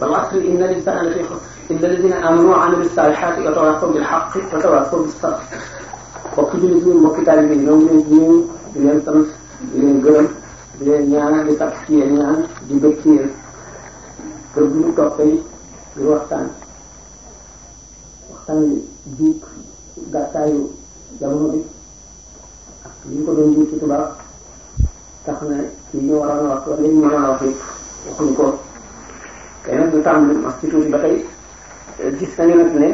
والعصر إن الإنسان لفي خسر إلا الذين آمنوا وعملوا الصالحات وتواصوا بالحق وتواصوا بالصبر mbokk jullit ñi mbokk taal bi ñoom ñoo ñëw di leen sant di leen gërëm di leen ñaanal di sàkk ci yéen ñaan di bëgg ci yéen kër bu ñu toppee di waxtaan waxtaan bi diig gàttaayu jamono bi li ñu ko doon jiw ci tubaab tax na li ñu waroon a wax wala li ñu waroon a wax it waxuñu ko te nag ñu tàmm wax ci tuuti ba tey gis nañu nag ne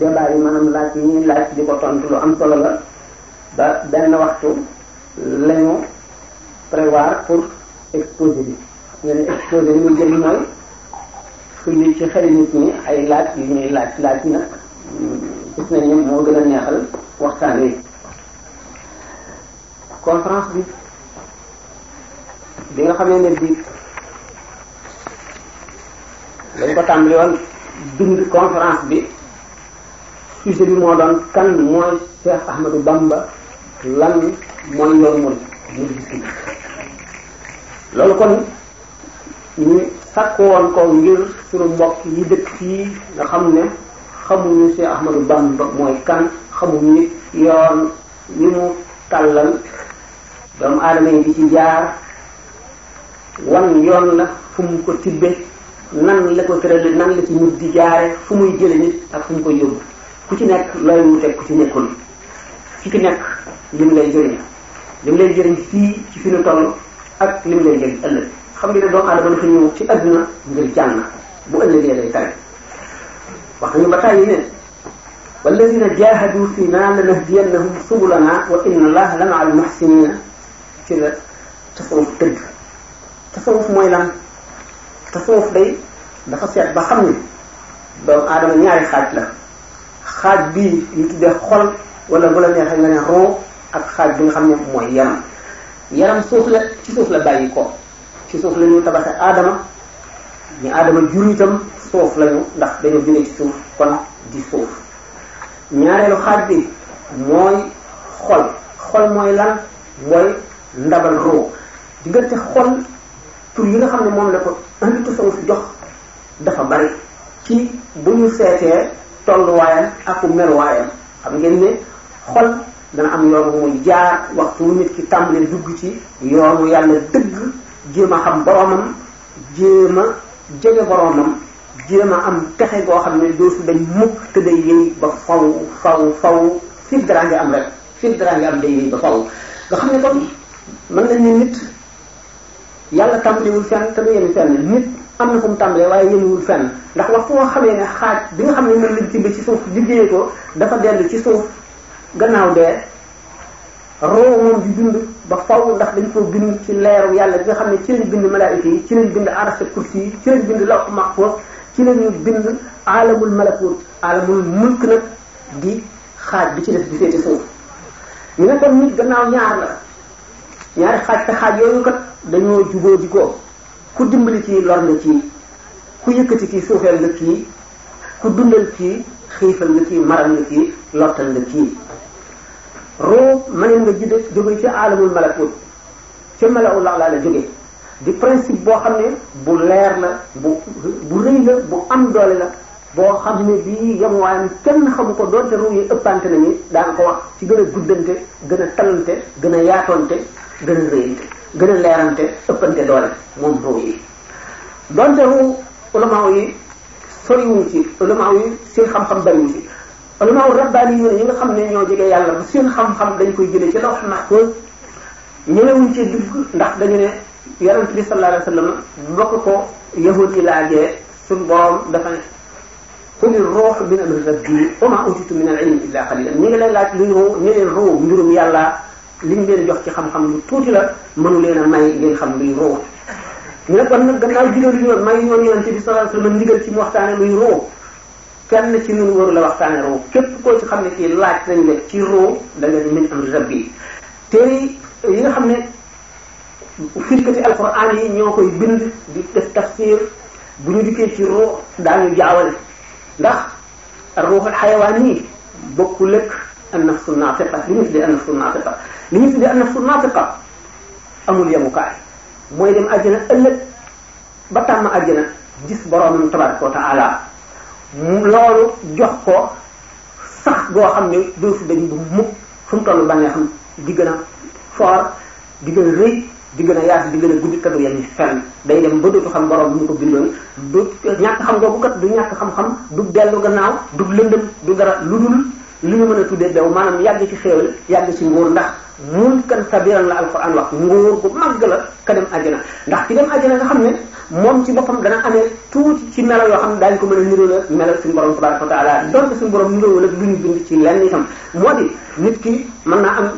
débat yi maanaam laaj yi ñuy laaj di ko tontu lu am solo la ba benn waxtu lañu prévoir pour exposé bi nga ne exposé li muy jëriñ mooy sulli ci xel nit ñi ay laaj yu ñuy laaj laaj nag gis nañu moo gën a neexal waxtaanee conférence bi bi nga xamee ne bi dañ ko tàmbali woon dund conférence bi sujet bi moo doon kan mooy Cheikh Ahmadou Bamba lan mooy yoon mooy mu gis loolu kon ñu sàkk woon ko ngir suñu mbokk yi dëkk fii nga xam ne xamuñu Cheikh Ahmadou Bamba mooy kan xamuñu yoon yi mu tàllal doomu aadama yi di ci jaar wan yoon la fu mu ko tibbe nan la ko tërale nan la ci nit di jaare fu muy jële nit ak fu mu ko yóbbu ku ci nekk looy wuteeg ku ci nekkul ci ki nekk lim lay jëriñ lim lay jëriñ fii ci fi nu toll ak lay jëriñ ëllëg xam nga ne doomu aadama dafa ñëw ci àdduna ngir jàng bu ëllëgee lay tare wax nañu ba tàyyi ne walladina jahadu fina lanahdiyannahum subulana wa inna allaha la maal muhsinina ci la tasawuf dëgg tasawuf mooy lan tasawuf day dafa seet ba xam ni doomu aadama ñaari xaaj la xaaj bii ñu tuddee xol wala bu la neexee nga ne ron ak xaaj bi nga xam ne mooy yaram yaram suuf la ci suuf la bàyyi ko ci suuf la ñu tabaxe aadama ñu aadama jur itam suuf lañu ndax dañoo jóge ci suuf kon di suuf ñaareelu xaaj bi mooy xol xol mooy lan mooy ndabal roo diggante xol tur yi nga xam ne moom la ko indi tasawuf jox dafa bari ci bu ñu seetee tolluwaayam ak meluwaayam xam ngeen ne xol dana am yoon wu muy jaar waxtu wu nit ki tàmbalee dugg ci yoonu yàlla dëgg jéem a xam boromam jéem a jege boromam jéem a am texe goo xam ne dootu dañ mukk te yëy ba faw faw faw fi dara nga am rek fi dara nga am day yëy ba faw nga xam ne kon mën nañ ne nit yàlla tàmbaliwul fenn te du am na fu mu tàmbalee waaye yemewul fenn ndax waxtu nga xamee ne xaaj bi nga xam ne mën lañ tibb ci suuf liggéey ko dafa dell ci suuf gannaaw dee roo moom di dund ba faw ndax dañ koo bind ci leeru yàlla bi nga xam ne ci lañ bind malaayika yi ci lañ bind arasa kursi yi ci lañ bind lawh mahfuz ci la ñu bind alamul malakut alamul mulk nag di xaaj bi ci def di féete suuf ñu ne nit gannaaw ñaar la ñaari xaaj te xaaj yooyu kat dañoo juboo di ku dimbali kii lor na kii ku yëkkati kii suufeel nga kii ku dundal kii xiifal nga kii maral nga kii lottal nga kii roo mëneen nga jide jóge ci alamul malakut ca malawu lax laa la jóge di principe boo xam ne bu leer la bu bu rëy la bu am doole la boo xam ne bii yam waayam kenn xamu ko doonte ruu yi ëppante nañu daan ko wax ci gën a guddante gën a talante gën a yaatoonte gën a rëyante a leerante ëppante doole moom ruu yi doonte ruu ulama yi soriwuñ ci ulama yi seen xam-xam bariwuñ ci ulama rabbaani yi nga xam ne ñoo jege yàlla bu seen xam-xam dañ koy jëlee ci lawx mahfuz ñëwewuñ ci dugg ndax dañu ne yonent bi sallallahu la wa sallam bokk ko yahud yi laajee suñ borom dafa ne quli ruux min amri rabbi wa ma utitu min al ilmi illa qalilan ñi ngi lay laaj luy ruu ñu leen ruu mbirum yàlla liñ leen jox ci xam-xam lu tuuti la mënu leen a may ngeen xam luy ruu ñu ne kon nag gannaaw digal yu ñoon may ñoon yonent bi sallallahu alayhi wa sallam ndigal ci mu waxtaane luy ruu kenn ci ñun waru la waxtaane ruu képp koo ci xam ne kii laaj nañ la ci ruu da nga min amri rabbi téere yi nga xam firikati alquran yi ñoo koy bind di def tafsir bu ñu dikkee ci ruux daañu jaawale ndax ruuxul xayawaan yi bokkul ak annafsu naatiqa li ñu tuddee annafsu naatiqa li ñu tuddee annafsu naatiqa amul yemukaay mooy dem àjjana ëllëg ba tàmm àjjana gis boroomam tabaraka wa taala loolu jox ko sax goo xam ne doo fi dañ bu mukk fu mu toll bànneexam di gën a fort di gën a rëy di gën a yaatu di gën a guddi kaddu yam fenn day dem ba xam borom bu ñu ko bindoon du ñàkk xam googu kat du ñàkk xam-xam du dellu gannaaw du lëndëm du dara lu dul li mu mën a tuddee dew maanaam yàgg ci la yàgg ci nguur ndax mulkan kabiran la alquran wax nguur bu màgg la ka dem àjjana ndax ki dem àjjana nga xam ne moom ci boppam dana amee tuuti ci melo yoo xam ne daañu ko mën a niróo la melo suñu borom tabaraka wa taala donc suñu borom niróo la lu ñu moo di nit ki mën naa am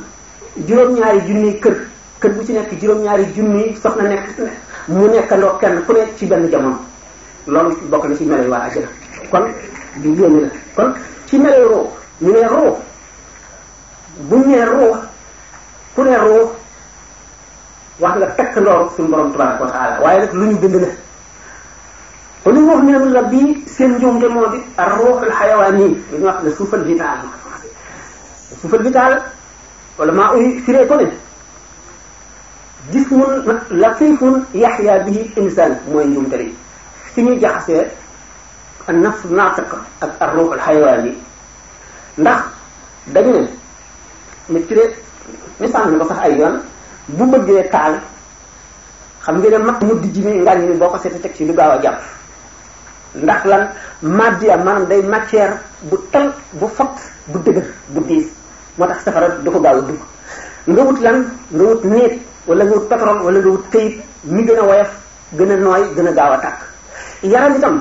juróom-ñaari junni kër kër bu ci nekk juróom-ñaari junni soxna nekk mu nekkandoo kenn ku ne ci benn jamono loolu bokk na ci melo yi waa àjjana kon du yéen la kon ci melo roo ñu ne roo bu ku ne roo wax nga takk ndoor suñu borom tabaraka wa taala waaye nag lu ñu bind la te li mu wax ne la bii seen njuumte moo di ar ruuxul xayawaan yi wax le souffle vital souffle vital wala maa uy firee ko ne jismun latifun yaxya bihi insan mooy njuumte yi fi ñuy jaxasee an naatiq ak ruux al xayawaan yi ndax dañu ne nit ki ko sax ay yoon bu bëggee taal xam nga ne mag mu dijj mi ngan ni boo ko seetee teg ci lu gaaw a jàpp ndax lan maddiya maanaam day matière bu tal bu fot bu dëgër bu diis moo tax safara du ko gaaw a dugg nga wut lan nga wut niit wala nga wut pétrole wala nga wut këyit mi gën a woyof gën a nooy gën a gaaw a tàkk yaram itam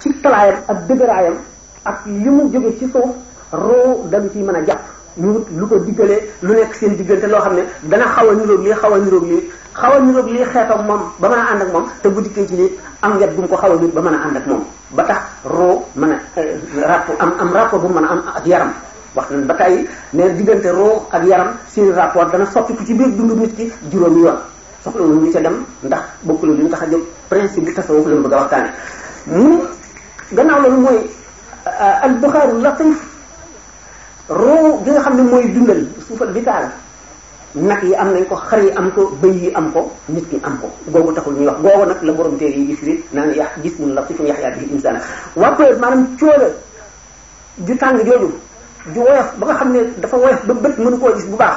ci talaayam ak dëgëraayam ak li mu jóge ci suuf roo dañ ci mën a jàpp ñu wut lu ko diggalee lu nekk seen diggante loo xam ne dana xaw a niroog lii xaw a niroog lii xaw a niroog lii xeetam moom ba mën a ànd ak moom te bu dikkee ci lii am wet bu mu ko xaw a nit ba mën a ànd ak moom ba tax roo mën a eh, rapport am am rapport bu mën a am ak yaram wax nañ ba tey ne diggante ruux ak yaram seen rapport dana soppiku ci biir dundu nit ki juróomi yoon soxla wu ñu ca dem ndax bokkul li ñu tax a jóg principe bi tasawuf lañ bëgg a waxtaane mu gannaaw lu mooy euh, al buxaaru latif ruux gi nga xam ne mooy dundal suufal vital nag yi am nañ ko xar yi am ko bëy yi am ko nit ñi am ko googu taxul ñuy wax googu nag la borom téere yi gis li naan yax gis mun latifun yaxyaa bihi insaana waa maanaam coola ju tàng jooju ju woyof ba nga xam ne dafa woyof ba bët mënu koo gis bu baax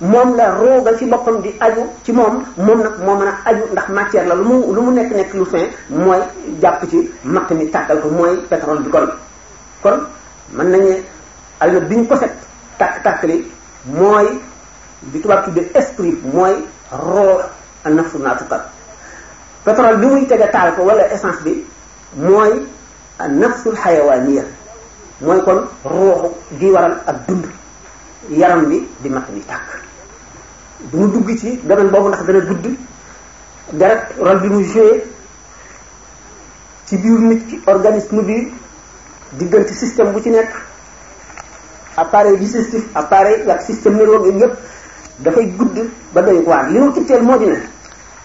moom la rooga ci boppam di aju ci moom moom nag moo mën a aju ndax matière la lu mu lu mu nekk nekk lu fin mooy jàpp ci matt mi tàkkal ko mooy pétrole bi kon mën nañu allo bi ko set tàkk tàkk li mooy bi tubaab tuddee esprit mooy roo al nafsu naa tukkal bi muy tege taal ko wala essence bi mooy nafsul xayawaaniya mooy kon ruuxu di waral ak dund yaram wi di mat bi tàkk du mu dugg ci domaine boobu ndax dana gudd deret rôle bi mu joué ci biir nit ki organisme bi diggante système bu ci nekk appareil digestif appareil ak système nerveux yëpp dafay gudd ba doy waar li ma titteel moo di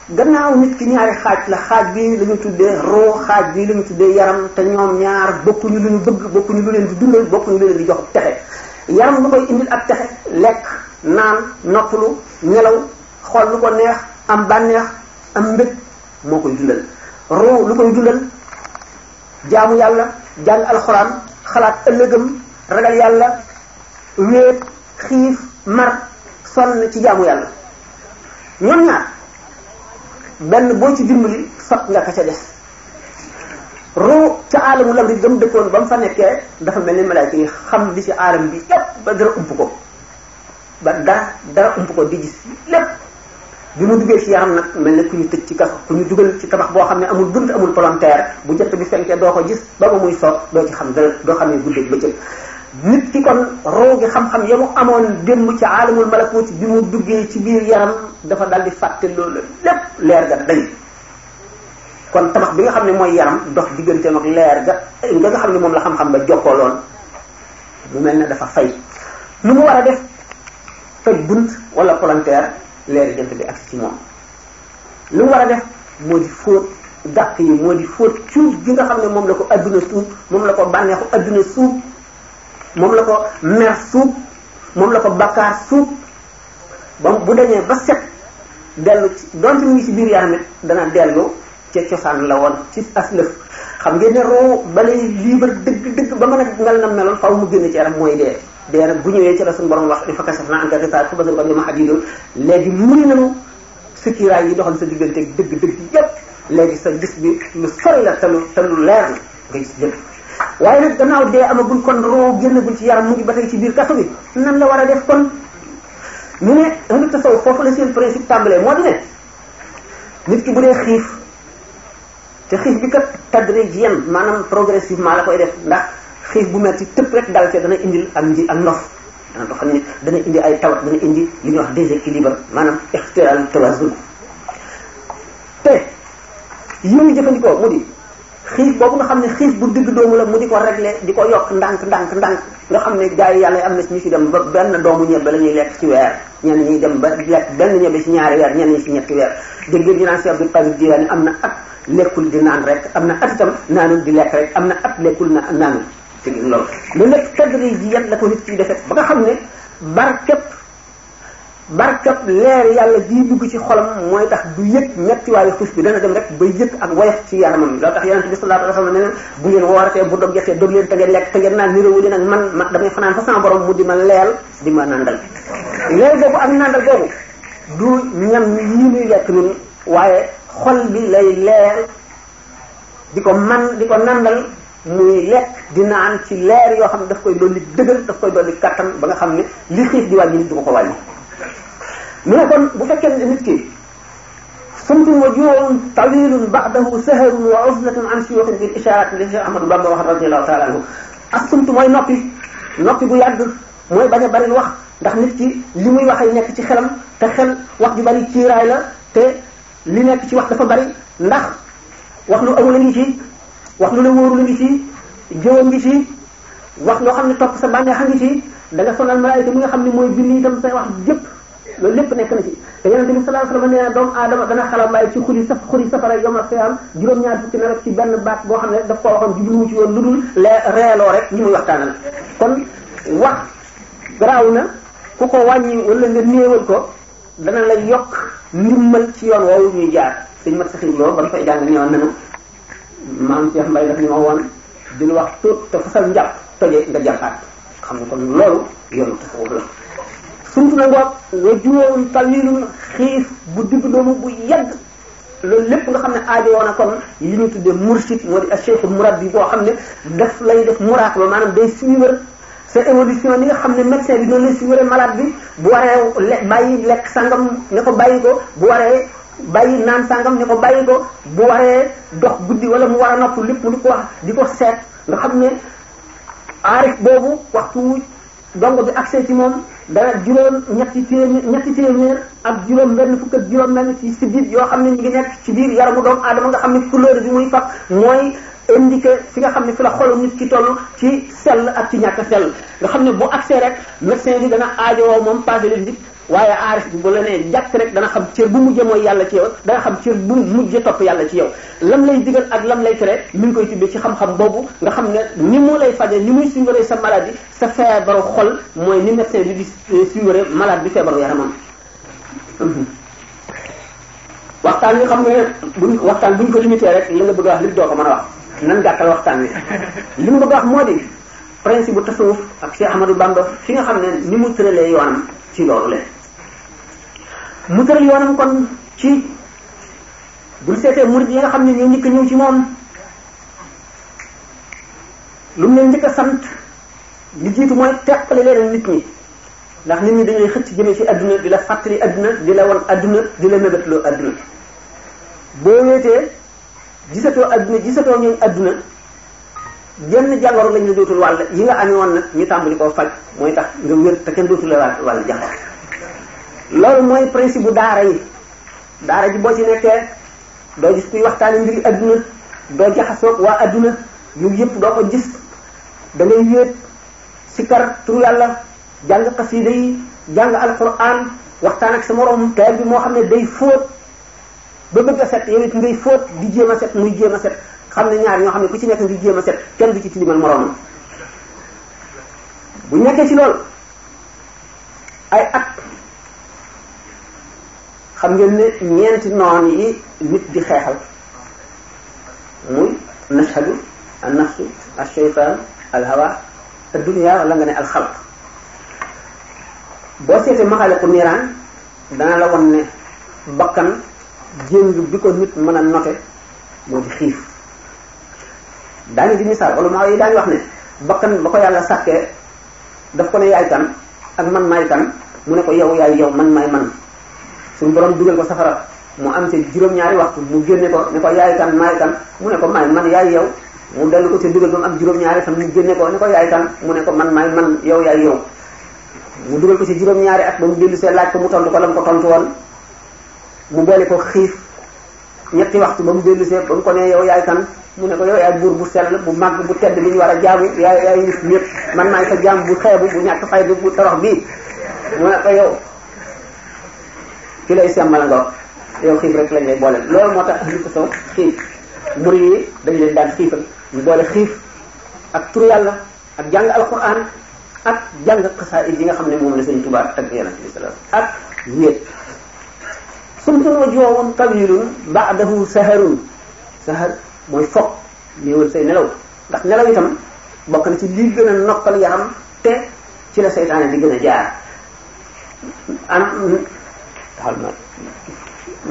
gannaaw nit ki ñaari xaaj la xaaj bi la tuddee roo xaaj bi la ñu tuddee yaram te ñoom ñaar bokkuñu lu ñu bëgg bokkuñu lu leen di dundal bokkuñu lu leen di jox texe yaram lu koy indil ak texe lekk naan noppalu nelaw xool lu ko neex am bànneex am mbëg moo koy dundal roo lu koy dundal jaamu yàlla jàng alxuraan xalaat ëllëgam ragal yàlla wéet xiif mar sonn ci jaamu yàlla ñoom ñaar benn boo ci li sot nga ka ca des ruu ca aalamu lam ri gëm dëkkoon ba mu fa nekkee dafa mel ni malaayka yi xam li ci aalam bi yépp ba dara ump ko ba dara dara ump ko di gis lépp bi mu duggee ci yaram nag mel na ku ñu tëj ci kaso ku ñu dugal ci tabax boo xam ne amul bunt amul palanteer bu jot bi fenkee doo ko gis ba ba muy soog doo ci xam dara doo xam ne ba bëccëg nit ki kon roo gi xam-xam ya mu amoon démb ci aalamul malakuut bi mu duggee ci biir yaram dafa dal di fàtte loolu lépp leer ga dañ kon tabax bi nga xam ne mooy yaram dox digganteem ak leer ga nga xam ne moom la xam-xam ba jokkooloon bu mel ne dafa fay nu mu war a def toj bunt wala palanteer leer jant bi ak ci moom lu mu war a def moo di fóot dàq yi moo di fóot cuub gi nga xam ne moom la ko àdduna suuf moom la ko bànneexu adduna suuf moom la ko mer suub moom la ko bakkaar suub ba bu dañee ba set dellu ci donte mu ngi ci biir yaram it dana dellu ca cosaan la woon ci as lëf xam ngeen ne roo balay liibar dëgg dëgg ba mën a mel na meloon faaw mu génn ci yaram mooy dee dee nag bu ñëwee ci la suñu borom wax ni fa kasaf na anka risaar fa basal ba bi ma xadiidoon léegi muri nanu sukkiraay yi doxal sa diggante dëgg dëgg yépp léegi sa gis bi lu sori la te lu te lu leer na nga gis waaye nag gannaaw dee amagul kon roo génnagul ci yaram mu ngi ba ci biir kaso bi nan la war a def kon mu ne ahlu tasawuf foofu la seen principe tàmbalee moo di ne nit ki bu dee xiif te xiif bi kat tadrijiyan maanaam progressivement la koy def ndax xiif bu metti tëpp rek dal te dana indil ak nji ak ndof dana doo xam ne dana indi ay tawat dana indi li ñuy wax déséquilibre maanaam ixtiral tawazun te yi muy jëfandikoo mu di xiif boobu nga xam ne xiif bu digg doomu la mu di ko régler di ko yokk ndànk ndànk ndànk nga xam ne gars yi yàlla am na si ñu si dem ba benn doomu ñebe la ñuy lekk ci weer ñenn ñuy dem ba lekk benn ñebe si ñaari weer ñenn ñi si ñetti weer dégg ngeen ñu naan si Abdul Qadir Jilaani am na at lekkul di naan rek am na at itam naanul di lekk rek am na at lekkul na naanul te loolu lu nekk cadre yi yan la ko nit ci defee ba nga xam ne barkeb barkab leer yàlla jii dugg ci xolam mooy tax du yëg ñetti waaye xus bi dana dem rek ba yëg ak woyof ci yaramam loolu tax yonente bi sallallahu alayhi wasallam nee na bu ngeen wooratee bu dog jotee dog leen te ngeen lekk te ngeen naan niroowu leen ak man ma damay fanaan fa sama borom mu di ma leel di ma nandal leel boobu ak nandal boobu du ñam yi ñuy lekk ñun waaye xol bi lay leer di ko man di ko nandal muy lekk di naan ci leer yoo xam ne daf koy dolli dëgër daf koy dolli kattan ba nga xam ne li xiif di wàññi du ko ko wàññi mu ne kon bu fekkee nit ki sumtun wa juu'un tawilun ba'dahu saharun wa uzlatun an shuyuxin bil isharat li Cheikh Ahmadou Bamba wax radiyallahu taala anhu ak sumtu mooy noppi noppi bu yàgg mooy bañ a bari wax ndax nit ki li muy wax ay nekk ci xelam te xel wax ju bari ciiraay la te li nekk ci wax dafa bari ndax wax lu amul a ngi ci wax lu la wóoru la ngi ci jëwam ngi ci wax loo xam ne topp sa bànneex a ngi ci da nga sonal malaayika mi nga xam ne mooy bind tam say wax jëpp loolu lépp nekk na ci te yonente bi sallallahu alayhi wasallam nee na doomu aadama dana xalamaay ci xuri saf xuri safara yomal xiyaam juróom-ñaar fukki na rek ci benn baat boo xam ne daf ko waxoon jubluwu ci woon lu dul le reeloo rek ñi muy waxtaanal kon wax garaaw na ku ko wàññi wala nga néewal ko dana la yokk ndimmal ci yoon woowu ñuy jaar sëñ mat saxin loo ba nga fay jàng newoon nanu maam Cheikh Mbaye daf ni ma woon dil wax tóot te fasal njàpp toje nga jàppaat xam nga kon loolu yoonu tasawuf la suñu na ngoog wa juróom talilum xiif bu digg doomu bu yàgg loolu lépp nga xam ne aajo woon a kon li ñu tuddee mursid moo di cheikhul murabbi bi boo xam ne def lay def muraakaba maanaam day suivre sa évolution li nga xam ne médecin bi doon lay suivre malade bi bu waree le bàyyi lekk sangam ne ko bàyyi ko bu waree bàyyi naan sangam ne ko bàyyi ko bu waree dox guddi wala mu war a lépp mu di ko wax di ko seet nga xam ne aarif boobu waxtu wu dongo bi accès ci moom dana juróom ñetti téeméer ñetti téeméer ak juróom benn fukk ak juróom benn ci si biir yoo xam ne ñu ngi nekk ci biir yaramu doomu aadama nga xam ne couleur bi muy fab mooy indiqué fi nga xam ne fi la xolu nit ki toll ci sell ak ci ñàkk sell nga xam ne bu accès rek médecin bi dana aajowoo moom pathologique waaye aarif bi bu la nee jàkk rek dana xam cër bu mujjee mooy yàlla ci yow dana xam cër bu mujjee topp yàlla ci yow lam lay digal ak lam lay tere mi ngi koy tibbee ci xam-xam boobu nga xam ne ni mu lay faje ni muy suivre sa maladie sa feebaru xol mooy ni médecin bi di euh, suivre malade bi feebaru mm-hmm. wi xam nga buñ waxtaan buñ ko limité rek li nga bëgg doo ko mën a wax nan gàttal wi li mu moo di principe bu tasawuf ak Cheikh Ahmadou Bamba fi nga xam ne ni mu tëralee yoonam ci loolu leen mu tëral yoonam kon ci buñ seetee murid yi nga xam ne ñoo njëkk ñëw ci moom lu mu leen njëkk a sant li jiitu mooy teqale leen nit ñi ndax nit ñi dañuy xëcc jëmee ci adduna di la fàttali adduna di la wan adduna di la nëbatloo adduna boo weetee gisatoo adduna gisatoo ñoom adduna jën jàngoro lañ la dootul wàll yi nga amee woon nag ñu tàmbali koo faj mooy tax nga wér te kenn dootul la wàll jàngoro loolu mooy principe bu daara yi daara ji boo ci nekkee doo gis kuy waxtaani mbiri adduna doo jaxasoog waa adduna yu yëpp doo ko gis da ngay wéet sikar turu yàlla jàng xasida yi jàng alquran waxtaan ak sa morom teer bi moo xam ne day fóot ba bëgg a set yow it ngay fóot di jéem a set muy jéem a set xam ne ñaar ñoo xam ne ku ci nekk ngi jéem a set kenn du ci tilimal moroomam bu nekkee ci loolu xam ngeen ne noon yi nit di xeexal muy nashadu an nafsu al shaytan al hawa ad dunia wala nga ne al xalq boo seetee maxaaliqu niiraan dana la won ne bakkan jéng bi ko nit mën a note moo di xiif daañu di misaal wala maa yi daañu wax ne bakkan ba ko yàlla sàkkee daf ko ne yaay kan ak man maay kan mu ne ko yow yaay yow man maay man suñu borom dugal ko safara mu am ci juróom-ñaari waxtu mu génne ko ne ko yaay kan maay kan mu ne ko maay man yaay yow mu dellu ko ci dugal am juróom-ñaari fan mu génne ko ne mu ne ko man maay man yow yaay yow mu dugal ko ci juróom-ñaari at ba mu dellu see laaj ko mu tontu ko la mu ko tontu woon mu boole ko xiif ñetti waxtu ba mu dellu see ba mu ko nee yow yaay kan mu ne ko yow yaay buur bu sell bu màgg bu tedd bi war a jaamu yaay yaay ñëpp man maay sa jaam bu xeebu bu ñàkk fay bu torox bii mu ne ko yow ci lay semmal nga wax yow xiif rek lañ lay boole loolu moo tax ahlu tasawuf xiif muri yi dañ leen daan xiifal ñu boole xiif ak tur yàlla ak jàng alquran ak jàng xasaayid yi nga xam ne moom la Sëriñ Tuubaa tagg yonente bi sallallahu ak wéet sumtun wa joowun tawilun baadahu saharun sahar mooy foog néewal say nelaw ndax nelaw itam bokk na ci lii gën a noppal yaram te ci la seytaane di gën a jaar am taxal ma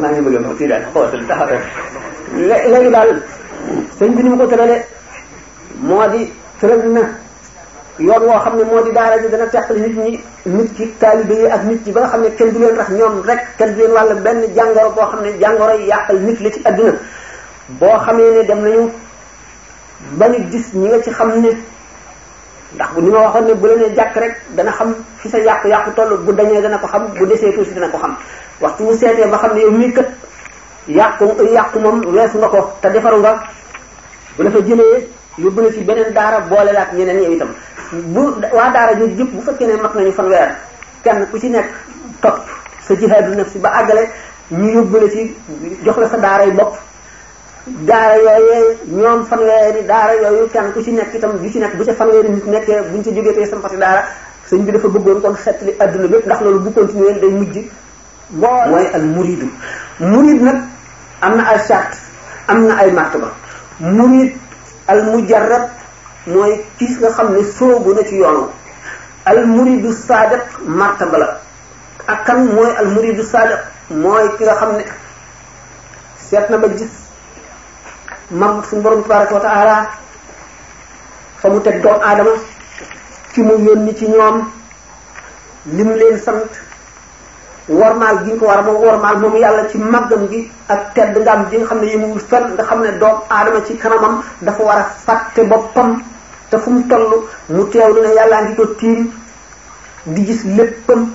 maa ngi bëgg a kii daal xootal taxal rek léegi daal sëñ bi ni mu ko tëralee moo di tëral yoon woo xam ne moo di daara ji dana teqal nit ñi nit ki taalibe yi ak nit ñi ba nga xam ne kenn du leen rax ñoom rek kenn du benn jàngoro boo xam ne jàngoro yi yàqal nit la ci adduna boo xamee ne dem nañu ba ñu gis ñi nga ci xam ne ndax bu ni ma waxoon ne bu la nee jàkk rek dana xam fi sa yàqu-yàqu toll bu dañee dana ko xam bu desee tuuti dana ko xam waxtu mu seetee ba xam ne yow mii kat yàqu yàqu moom weesu nga ko te defaru nga bu la fa jëlee yóbbu la ci beneen daara boole laat ñeneen yow itam bu waa daara ñu jëpp bu fekkee ne mat nañu fanweer kenn ku ci nekk topp sa jihaadu nafsi ba àggale ñu yóbbu la ci jox la sa daaray bopp daara yooyee ñoom fanweeri daara yooyu kenn ku ci nekk itam ju ci nekk bu ca fanweeri nit nekkee buñ ca jógee tey sampati daara sañ bi dafa bëggoon kon xeetli adduna bépp ndax loolu bu continuer day mujj mbool mooy al muridu murid nag am na ay charte am na ay martaba murid al mujarrad mooy ki nga xam ne soobu na ci yoonu al muridu sadiq martaba la ak kan mooy al muridu sadiq nga xam ne seet na ba gis mam suñu borom tabaraka wa taala fa mu teg doomu aadama ci mu yónni ci ñoom li mu leen sant warmaal gi ñu ko war moom warmaal moom yàlla ci màggam gi ak tedd ngam gi nga xam ne yëmuwul fenn nga xam ne doomu aadama ci kanamam dafa war a fàtte boppam te fu mu toll mu teewlu ne yàllaa ngi ko tiim di gis léppam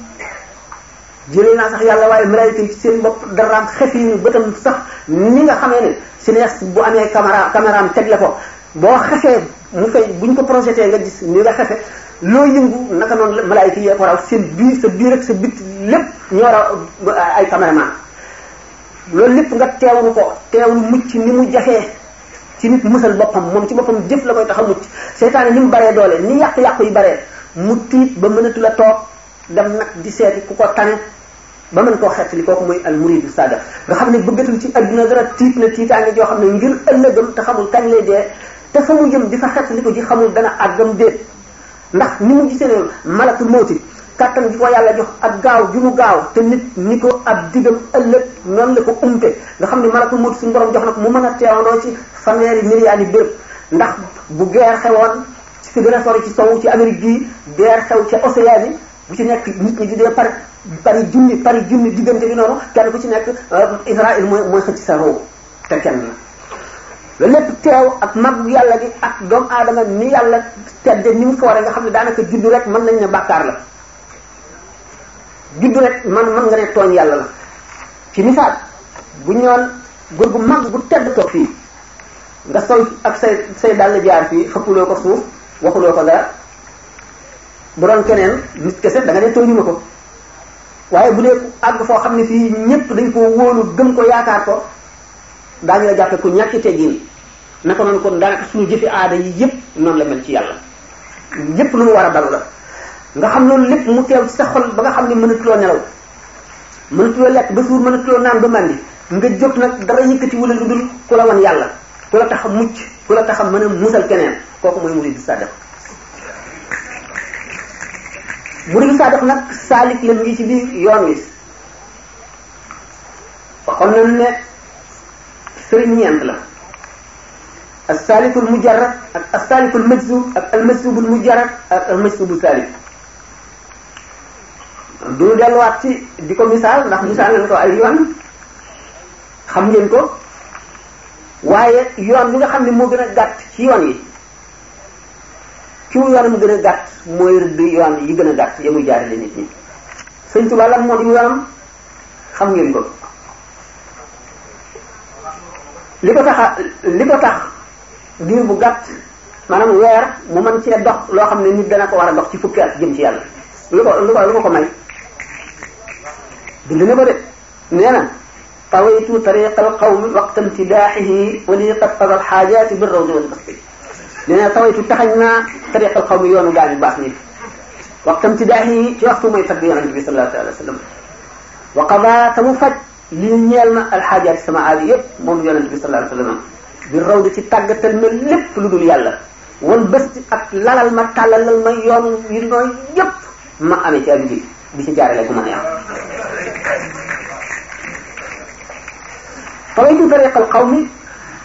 jële naa sax yàlla waaye malaayika yi seen bopp daraam xef yi ñu bëtam sax ni nga xamee ne cinéaste bu amee caméra caméraam teg la ko boo xefee mu fay buñ ko projeté nga gis ni nga xefe loo yëngu naka noonu malaayika yi ko raw seen biir sa biir ak sa bit lépp ñoo a euh, ay caméraman loolu lépp nga teewlu ko teewlu mucc ni mu jafee ci nit mësal boppam moom ci boppam jëf la koy tax a mucc seytaane ni mu baree doole ni yàqu-yàqu yi baree mu tiit ba mënatu la toog dem nag di seeti ku ko tane ba mën koo xett li kooku mooy al muridu saada nga xam ne bëggatul ci adduna dara tiit na tiitaange joo xam ne ngir ëllëgam te xamul kañ lay dee te fa mu jëm di fa xett li ko ji xamul dana àggam déet ndax ni mu gisee ne malakul mawti kàttan ji ko yàlla jox ak gaaw ju gaaw te nit ni ko ab digam ëllëg noonu la ko umte nga xam ne malakul mawti suñu borom jox na ko mu mën a teewandoo ci fanweeri miliyaani béréb ndax bu geer xewoon fi gën a sori ci sowu ci Amérique bii geer xew ca Océanie bu ci nekk nit ñi di dee par pari junni pari junni diggante bi noonu kenn ku ci nekk euh, Israël mooy mooy xëcc sa roow te kenn la lépp teew ak mag yàlla gi ak doomu aadama ni yàlla tedde ni mu ko nga xam ne daanaka juddu rek mën ne bàkkaar la juddu rek man mën nga ne tooñ yàlla la ci misaal bu ñëwoon góor gu mag bu tedd toog fii nga sol ak say say dàll jaar fii xëppuloo ko suuf waxuloo ko dara bu keneen nit kese da nga ne tooñu ma ko waaye bu dee àgg foo xam ne fii ñëpp dañ ko wóolu gëm ko yaakaar ko daañu la jàppe ku ñàkk teggin naka noonu kon daanaka suñu jëfi aada yi yëpp noonu la mel ci yàlla yëpp lu mu war a dal la nga xam loolu lépp mu teew ci sa xol ba nga xam ne mënatuloo nelaw mënatuloo lekk ba suur mënatuloo naan ba màndi nga jóg nag dara yëkkati wala lu dul ku la wan yàlla ku la tax a mucc ku la tax a mën a musal keneen kooku mooy murid sadiq murid saadix nag saalik la mu ngi ci biir yoon wi waxoon nañu ne sëriñ ñeent la asaalikul mujarrad ak asaalikul majzub ak almajzubul mujarrad ak almajzubu saalik duñu delluwaat ci di ko misaal ndax misaal nañ ko ay yoon xam ngeen ko waaye yoon bi nga xam ne moo gën a ci yoon yi fi mu yoonam gën a gàtt mooy rëdd yoon yi gën a gàtt ya muy jaarale nit ñi sëñ Tuba lan moo di yoonam xam ngeen ko li ko tax a li ko tax diir bu gat maanaam weer mu mën cee dox loo xam ne nit dana ko war a dox ci fukki at jëm ci yàlla lu ko lu ko lu ko ko may bind na ko de nee na tawaytu tariqa al qawmi waqta imtidaaxihi wa li qad qada al xaajaati bi rawdi wal basti nee na tawaytu taxañ naa tariqal xaw mi yoonu gaa ñu baax ñi waxtam ci daax yi ci waxtu mooy tagg yonente bi sallallahu alayhi wa sallam wa qada te mu faj lii ñeel na alxaajaat sama aali yëpp moom yonente bi sallallahu alayhi wa sallam bi raw di ci tàggatal ma lépp lu dul yàlla wan bés ak lalal ma tàllalal ma yoon yi nooy yëpp ma amee ci abi bi di ci jaarale gu ma neex tawaytu tariqal xaw mi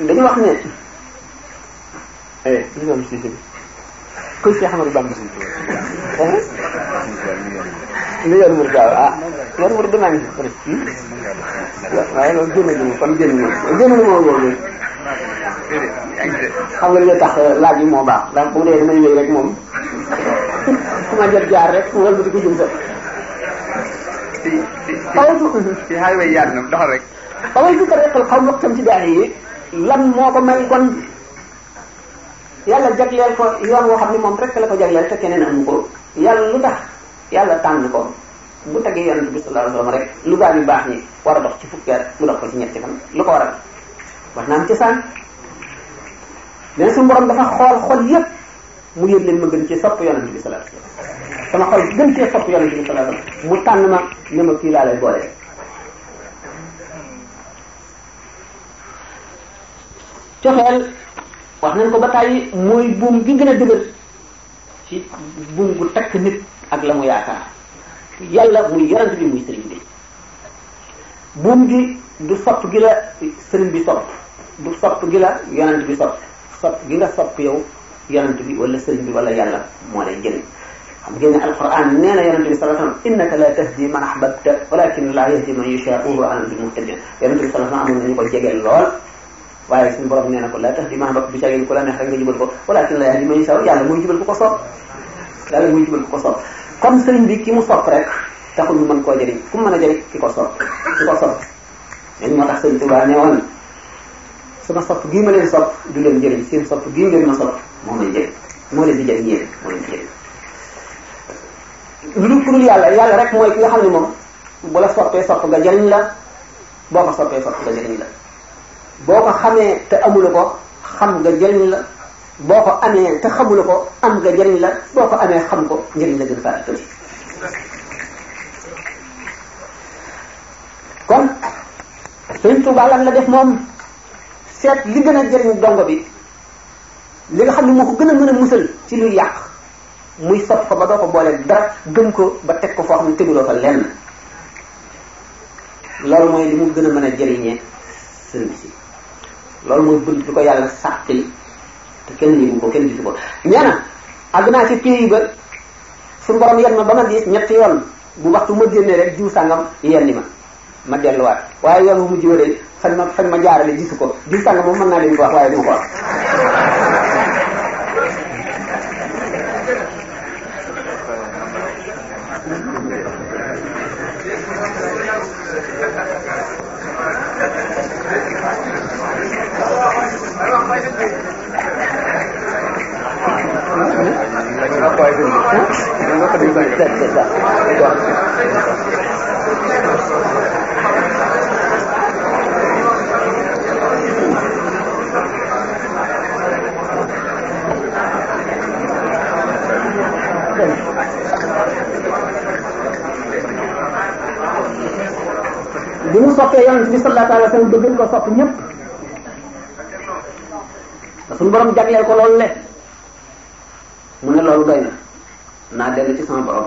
dañu wax ne eh si ñu doon si jóge kër si Ahmadu Bamba li yor wër gaaw ah yor wër dinaa ngi si waaye loolu génn ñu kon génn ñu génn ñu moo loolu xam nga li nga tax laaj yi moo baax ndax bu dee damay yëy rek moom su ma jot jaar rek wala du ko jëm sax ci ci ci highway yaat na doxal rek xawal bi ko rekkal xaw ma tam ci gaay yi lan moo ko may kon yàlla jagleel ko yoon woo xam ne moom rek la ko jagleel te keneen amu ko yàlla lu tax yàlla tànn ko bu tegee yonent bi sallallahu alayhi lu gaa yu baax ñi war a dox mu dox ko ci ñetti fan lu ko waral wax naa am ci sànq mais mu yëg leen ma gën ci sopp yonent bi sallallahu alayhi wasallam sama xol gën cee sopp yonent bi sallallahu alayhi wasallam mu tànn ma ne ma kii laa lay boole wax nañ ko ba tàyyi mooy buum gi gën a dëgër ci buum gu takk nit ak la mu yaakaar yàlla muy yarant bi muy sëriñ bi buum gi du sopp gi la sëriñ bi sopp du sopp gi la yarant bi sopp sopp gi nga sopp yow yarant bi wala sëriñ bi wala yàlla moo lay jëriñ xam ngeen ne alquran nee na yarant bi sallallahu alayhi wasallam innaka la tahdi man ahbabta walakin allah yahdi man yashaa'u wa ana bil muhtadin yarant bi sallallahu alayhi wasallam amoon nañu ko jege lool waaye suñu borom nee na ko la tax di maanaam du caagin ku la neex rek nga jubal ko walakin la ko soob yàlla muy jubal ku ko sopp koo jëriñ a jëriñ ki ko soob ki ko sopp gii ma leen sopp du leen jëriñ seen sopp gii ngeen moo leen moo leen di jëriñ ku dul yàlla rek mooy ki xam ne moom bu la soppee sopp nga jëriñ la boo ko soppee sopp nga jëriñ la boo ko xamee te amula ko xam nga jëriñ la boo ko amee te ko am nga jëriñ la boo ko amee xam ko njëriñ la gën faa tuuti kon Sëriñ Tuubaa lan la def moom seet li gën a jëriñ dongo bi li nga xam ne mu ko gën a mën a musal ci luy yàq muy sot ko ba doo ko boole dara gëm ko ba teg ko foo xam ne teguloo fa lenn loolu mooy li mu gën a mën a jëriñee loolu mooy bunt bi ko yàlla sàkkli te kenn yëgu ko kenn gisu ko nee na àgg naa ci pays ba suñu borom yen ma ba ma ñetti yoon bu waxtu ma génnee rek jiw sàngam yenni ma ma delluwaat waaye yoon bu mujj wëree fañ ma fañ ma jaarale gisu ko jiw sàngam moom mën naa leen ko wax waaye du ko waaye sëñ bi ah xam nga dañ koy waaw bi mu soppee yonent bi sallallahu alayhi wa sallam bëgg ko sopp ñëpp suñu borom jagleel ko loolu le sama borom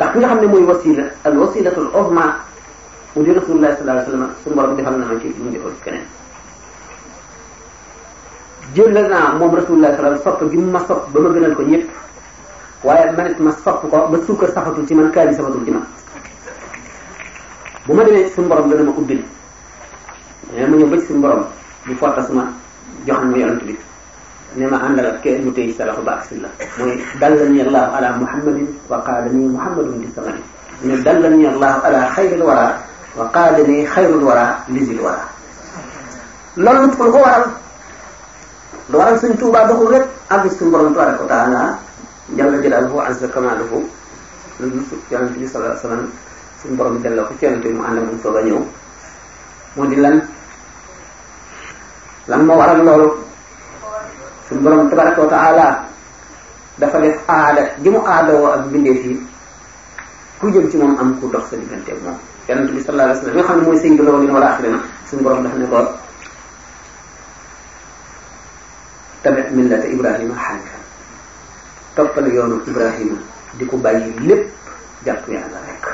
ndax ki nga xam ne mooy wasila al wasilatul uzma mu di rasulullah sallallahu alayhi wa sallam na ma ci lu mu defal keneen jëlal naa moom rasulullah sallallahu alayhi ma sopp ba ma gënal ko ñëpp waaye man ma sopp ko ba suukar safatul ci man kaani safatul ci man bu ma demee suñu borom dana ma ubbil mais ma ñëw ba ci suñu borom di fottas ma joxan ma yonent bi ne ma àndal ak kenn mu tey salaxu ba agsi la mooy dallani allahu ala muhammadin wa qaalani muhammadun di samani ne dallani allahu ala xayril wara wa qaalani xayrul wara lisil wara loolu lu ko waral lu waral suñ tuubaa doxul rek àgg suñu borom tabaraka wa taala jalla jalaaluhu azza kamaaluhu lu yonent bi sallallahu alayhi wa sallam suñu borom delloo ko ci yonent bi mu ànd moom soog a ñëw moo di lan lan moo waral loolu suñu borom tabaraka wa dafa def aada ji mu aadawoo ak bindeef yi ku jëm ci moom am ku dox sa diggante ak moom yonente bi sallallahu alayhi wasallam mi nga xam ne mooy sëñ bi loolu wala axirina suñu borom dafa ne ko yoonu ibrahima di ko bàyyi lépp jàpp yàlla rek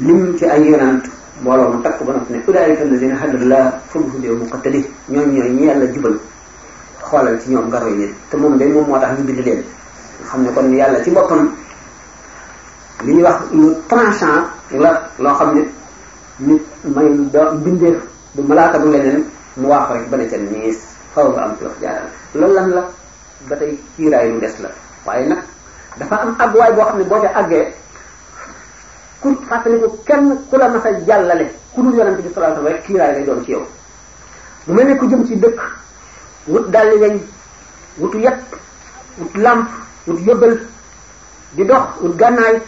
lim ci ay yonent mbooloo mu takk ba noppi ne ulaayika allazina hadallah ful hudee muqattali ñooñ ñooy ñi yàlla jubal xoolal ci ñoom nga roy te moom de moom moo tax ñu bind leen xam ne kon yàlla ci boppam li ñuy wax lu tranchant la loo xam ne nit may do bindeef du malaaka du leneen mu waaxu rek ba ne ca niis faw nga am ci wax jaaral loolu lan la ba tey kiiraay lu des la waaye nag dafa am àgguwaay boo xam ne boo ca àggee ku fàttaliku kenn ku la mas a jàllale ku dul yonante bi sallallahu alayhi wa sallam rek kiiraay lay doon ci yow bu mel ne ku jëm ci dëkk wut dal weñ wut yet wut làmp wut yëbbal di dox wut gànnaay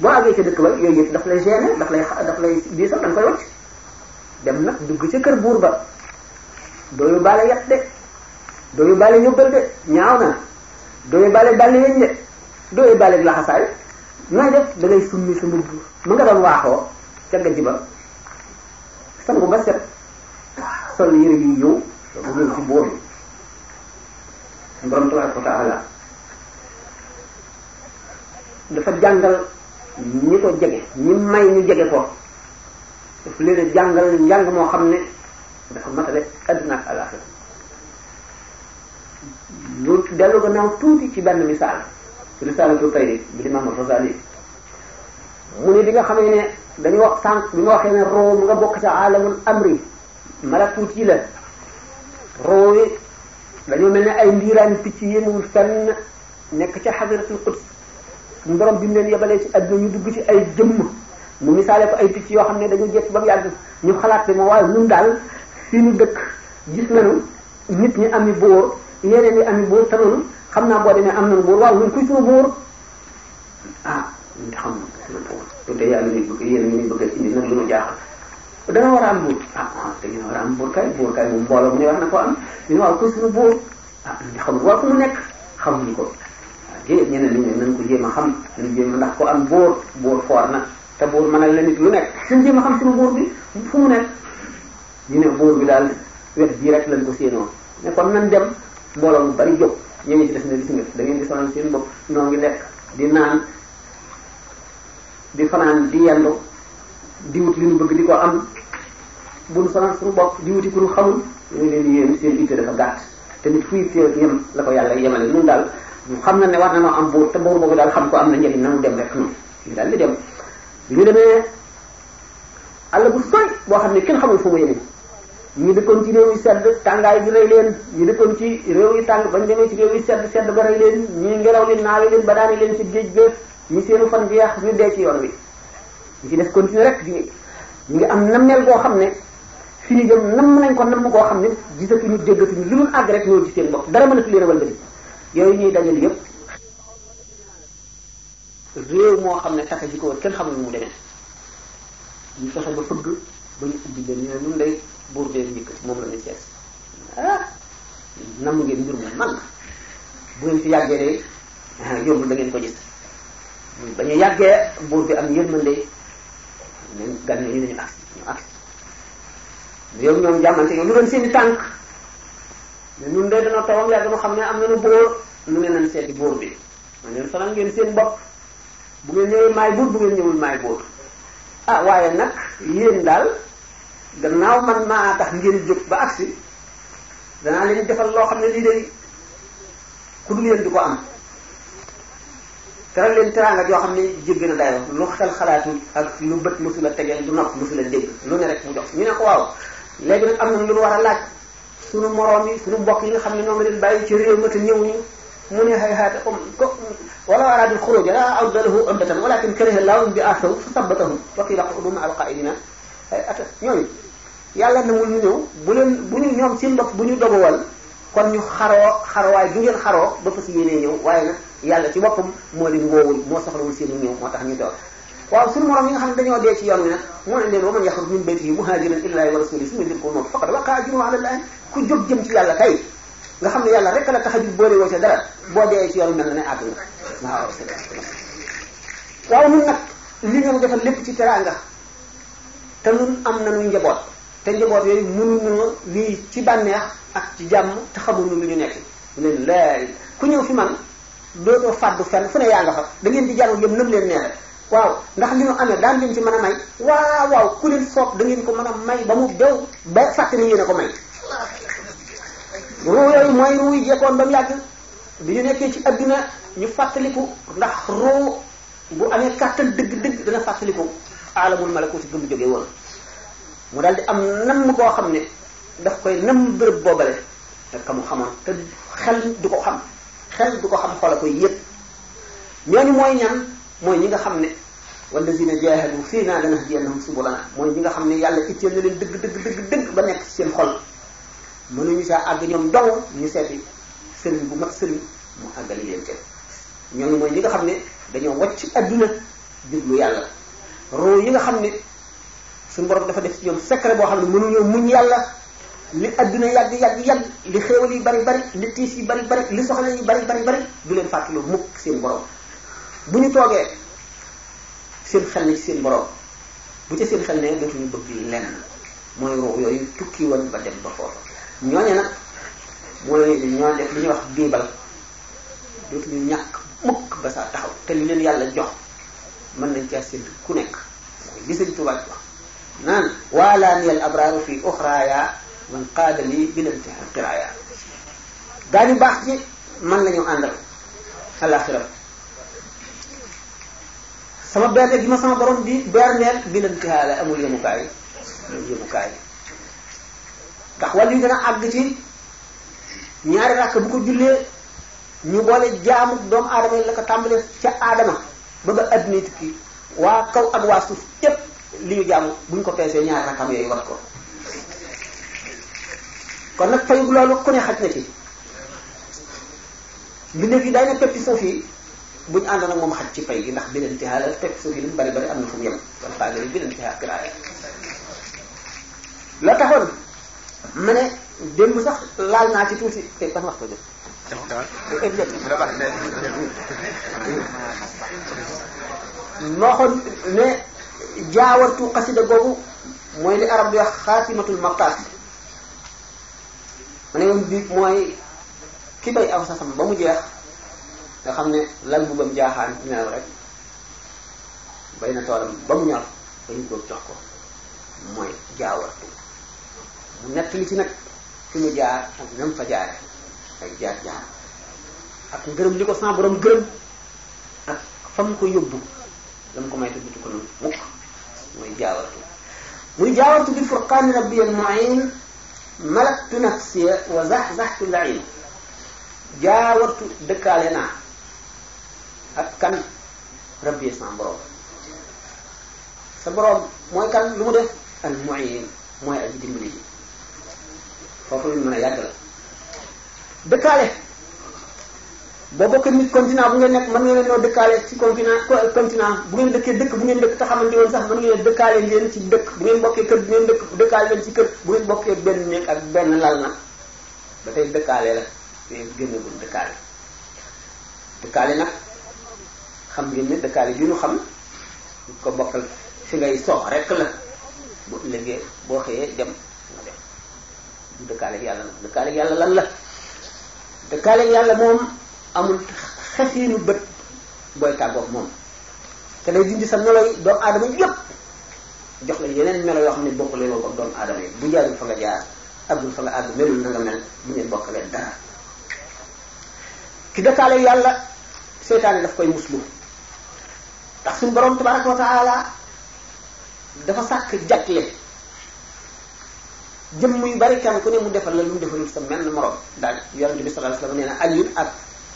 boo àggee ca dëkk ba yooyu yëpp daf lay gêner daf lay daf lay bii da dem nag dugg ca kër buur ba doo yu baale yet de doo yu baale yëbbal de ñaaw na doo baale dàll weñ de doo baale laxasaay nooy def da ngay summi sa mbubb mu nga doon waaxoo ca gajj ba ba set sol yëre yu ñëw bu ñëw ci boobu borom tabaraka wa taala dafa jàngal ñi ko jege ñi may ñu jege ko daf leen jàngal njàng moo xam ne dafa matale àdduna ak àllaaxira loolu dellu gannaaw tuuti ci benn misaal risaalatu tayri bi Imam al mu ne bi nga xamee ne dañu wax sànq bi ma waxee ne roo mu nga bokk ca alamul amri malakuut yi la dañoo mel ne ay ndiiraan picc yéemewul fenn nekk ca xasaratul quds suñu borom leen yebalee ci àdduna ñu dugg ay jëmm mu misaale ko ay picc yoo xam ne dañoo jekk ba mu yàgg ñu xalaat ne ma waaye ñun daal fii ñu dëkk gis nañu nit ñi ami buur yeneen yi ami buur te loolu xam naa boo demee am nañu buur waaw ñun kuy suñu buur ah xam te yàlla ñuy bëgg yéen dana war a am buur ah ah te dina war a am buur kay buur kay moom mbooloo bu ñu wax na ko am ñu ne waaw ko suñu buur ah xamul waa ku mu nekk xamuñu ko déedéet ñeneen ko jéem a xam nañ jéem a ko am buur buur foor na te buur mënal la nit lu nekk suñ a xam suñu buur bi fu ne buur bi daal wet bii rek lañ ko séenoo ne kon nan dem mbooloo mu bari jóg ñooñu ci def na gis nga da ngeen di sonal seen bopp noo ngi lekk di naan di fanaan di yendu diwut wut li ñu bëgg di ko am bu nu sonal suñu bopp di wuti ku ñu xamul ñu leen yéen seen itte dafa gàtt te nit fu itte yem la ko yàlla yemale ñun daal xam na ne war na noo am buur te boobu daal xam ko am na njëriñ nanu daal di dem ñu demee àll bu sooy boo xam ne kenn xamul fu mu yëgee ñu dëkkoon ci réew yi sedd tàngaay bi rey leen ñu dëkkoon ci réew yi tàng bañ demee ci réew yi sedd sedd ba rey leen ñuy ngelaw li naawi leen ba daani leen ci géej géej ñu seenu fan jeex ñu dee ci yoon bi ñu ci des continuer rek di ngi am nammeel koo xam ne fi ñu jëm namm nañ ko namm koo xam ne gisatuñu déggatuñu lu ñu àgg rek ñoo ci seen bopp dara mën a fi leen a wëlbati yooyu ñuy dajal yëpp réew moo xam ne taxe ji ko woon kenn mu demee ñu fexe ba fëgg ba ñu ubbi leen ñu ne ñun day buur moom la ñu ah, mu man ngeen fi yàggee de ah, yóbbu da ko gis bañ a yàggee buur bi am yërmande neen gan yi nañu agsi ñu agsi yow ñoom jàmmante ñoom lu doon seen i tànk ne ñun de dana tawam yàgg nu xam ne am nañu bóor nu ngeen na seeti bóor bi ma leen sonal ngeen seen bopp bu ngeen ñëwee maay ñëwul maay buur ah waaye nag yéen daal gannaaw man maa tax ngeen jóg ba agsi danaa leen defal loo xam ne lii day ku dul yéen du am teral leen teraanga joo xam ne jéggi na dayoo lu xel xalaatul ak lu bët mësula tegeel lu nopp mësula dégg lu ne mu jox ñu ne ko waaw léegi nag am na lu war a laaj sunu moroom yi sunu mbokk yi nga xam ne ñoo ngi leen bàyyi ci réew ma te ñëw ñu mu ne xay xaate comme ko wala araadul xuruj la awdalahu ambatan walakin kariha laaw bi a fa sabbatahum waqiila qudum alqaa'idina ay ata ñooñu yàlla namul ñu ñëw bu leen bu ñu ñoom seen bopp bu ñu dogowal kon ñu xaroo xarwaay gi ngeen xaroo ba fa si yéenee ñëw waaye nag yàlla ci boppam moo leen woowul moo soxlawul seen ñëw moo tax ñu door waaw suñu morom yi nga xam ne dañoo dee ci yoon wi nag moo ne leen wa man yaxruj min baytihi muhajiran ilaahi wa rasulihi summa yudrikhu al-mawt faqad waqa ajruhu ala llahi ku jóg jëm ci yàlla kay nga xam ne yàlla rek la tax a jub boole woo ca dara boo dee ci yoon mel na ne àgg nga waaw waaw ñun nag li ñu defal lépp ci teraanga te ñun am nañu njaboot te njaboot yooyu mënuñu lii ci bànneex ak ci jàmm te xamuñu lu ñu nekk leen lay ku ñëw fi man dootoo fàddu fenn fu ne yaa nga fa da ngeen di jàng yëm nam leen nee waaw ndax li ñu amee daan leen ci mën a may waaw waaw ku leen soob da ko mën a may ba mu dew ba fàtte ni yéen ko may ruu yooyu mooy ruu yi jekkoon ba mu yàgg bi ñu nekkee ci adduna ñu fàttaliku ndax ruu bu amee kàttan dëgg-dëgg dana fàttaliku aalamul malakuuti bu mu jógee woon mu daal di am nam koo xam ne daf koy nam bërëb boobale te ka mu xamoon te xel du ko xam xel du ko xam xoola koy yëpp ñooñu mooy ñan mooy ñi nga xam ne walla wallazina jaahadu fii naa lanahdiyannahum subulana mooy ñi nga xam ne yàlla itteel na leen dëgg dëgg dëgg dëgg ba nekk seen xol mënuñu saa àgg ñoom dong ñu seeti sëriñ bu mat sëriñ mu àggali leen ca ñooñu mooy ñi nga xam ne dañoo wàcc adduna jublu yàlla roo yi nga xam ne suñu borom dafa def ci ñoom secret boo xam ne mënuñoo muñ yàlla li adduna yàgg yàgg yàgg li xéewal yi bari bari li tiis yi bari bari li soxla yi bari bari du leen fàttaloo mukk seen borom bu ñu toogee seen xel ne seen borom bu ca seen xel ne dootuñu bëgg lenn mooy yooyu tukki woon ba dem ba foofu ñooñu nag mooy ñoo def li ñuy wax diibal dootuñu ñàkk mukk ba saa taxaw te li leen yàlla jox mën nañ caa séntu ku nekk mooy li sëñ Tuubaa wax naan waalaan yal abraaru fii oxraaya man qaada lii bi limtihaan qiraaya daañu baax ci man la ñu àndal sama berne gi ma sama borom di berneel bi limtihaan amul yemukaay amul yemukaay ndax wàllu yu dana àgg ci ñaari rakk bu ko jullee ñu boole jaamu doomu aadama yi la ko tàmbalee ca aadama ba ba adduna tukki waa kaw ak waa suuf yépp li ñu jaamu bu ñu ko peesee ñaari rakkam yooyu war ko kon nag fayug loolu ku ne xaj na ci mbindeef yi daanaka pepp ci suuf yi bu ñu àndoon ak moom xaj ci fay gi ndax bil intihaa la pepp suuf yi lu mu bari bari a na fu mu yem wal qaadiri bil intihaa kiraaya la taxoon ma ne démb sax laal naa ci tuuti kay ban wax ko jot. noo xoon ne jaawartu xasida googu mooy li arab di ma ne moom biib mooy ki bay aw sasam ba mu jeex nga xam ne lal bu bam jaaxaan nelaw rek bay na toolam ba mu ñor dañu ko jox ko mooy jaawartu mu nett li ci nag fi mu jaar ak ay jaar jaar ak ngërëm li ko sa borom ko yóbbu dama ko may te dutu ko bi malaktu nafsiya wa zaxzaxtu zaim jaawartu dëkkaale naa ak kan rabbi sama borom sa borom mooy kan lu mu def al muin mooy aji dimbali ji foofu lu mën a yàgg la dëkkaale boo bokkee nit continent bu ngeen nekk mën ngeen noo dëkkaale ci continent continent bu ngeen dëkkee dëkk bu ngeen dëkk te xamante woon sax mën ngeen dëkkaale ngeen ci dëkk bu ngeen bokkee kër bu ngeen dëkk dëkkaale leen ci kër bu ngeen bokkee benn néeg ak benn lal na ba tey dëkkaale la mais génnagul dëkkaale nag xam ngeen ne dëkkaale bi ñu xam ñu ko bokkal fi ngay soox boo xëyee dem nga dem yàlla nag dëkkaale yàlla lan la dëkkaale yàlla moom amul xasiinu bët booy tàggoog moom te day dindi sa melo yi doomu aadama yépp jox la yeneen melo yoo xam ne bokkule woo ko doomu aadama yi bu jaarul fa nga jaar àggul fa nga àgg melul na nga mel bu ngeen bokkalee dara ki dëkkaale yàlla daf koy muslu ndax suñu borom tabaraka wa taala dafa sàkk jagle jëmm yu bari kenn ku ne mu defal la lu mu defalul sa mel morom daal yonent bi sallallahu alayhi wasallam nee na Aliyu ak